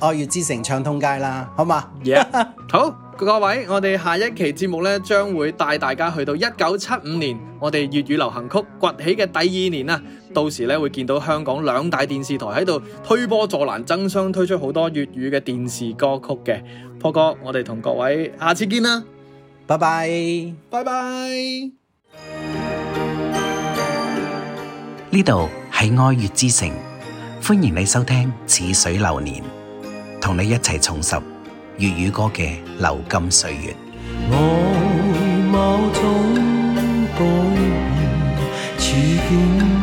愛粵之城唱通街啦，好嘛，好。Yeah. 各位，我哋下一期節目呢，將會帶大家去到一九七五年，我哋粵語流行曲崛起嘅第二年啊！到時呢，會見到香港兩大電視台喺度推波助瀾，爭相推出好多粵語嘅電視歌曲嘅。波哥，我哋同各位下次見啦，拜拜，拜拜。呢度係愛粵之城，歡迎你收聽《似水流年》，同你一齊重拾。粵語歌嘅《流金歲月》。我某種處境。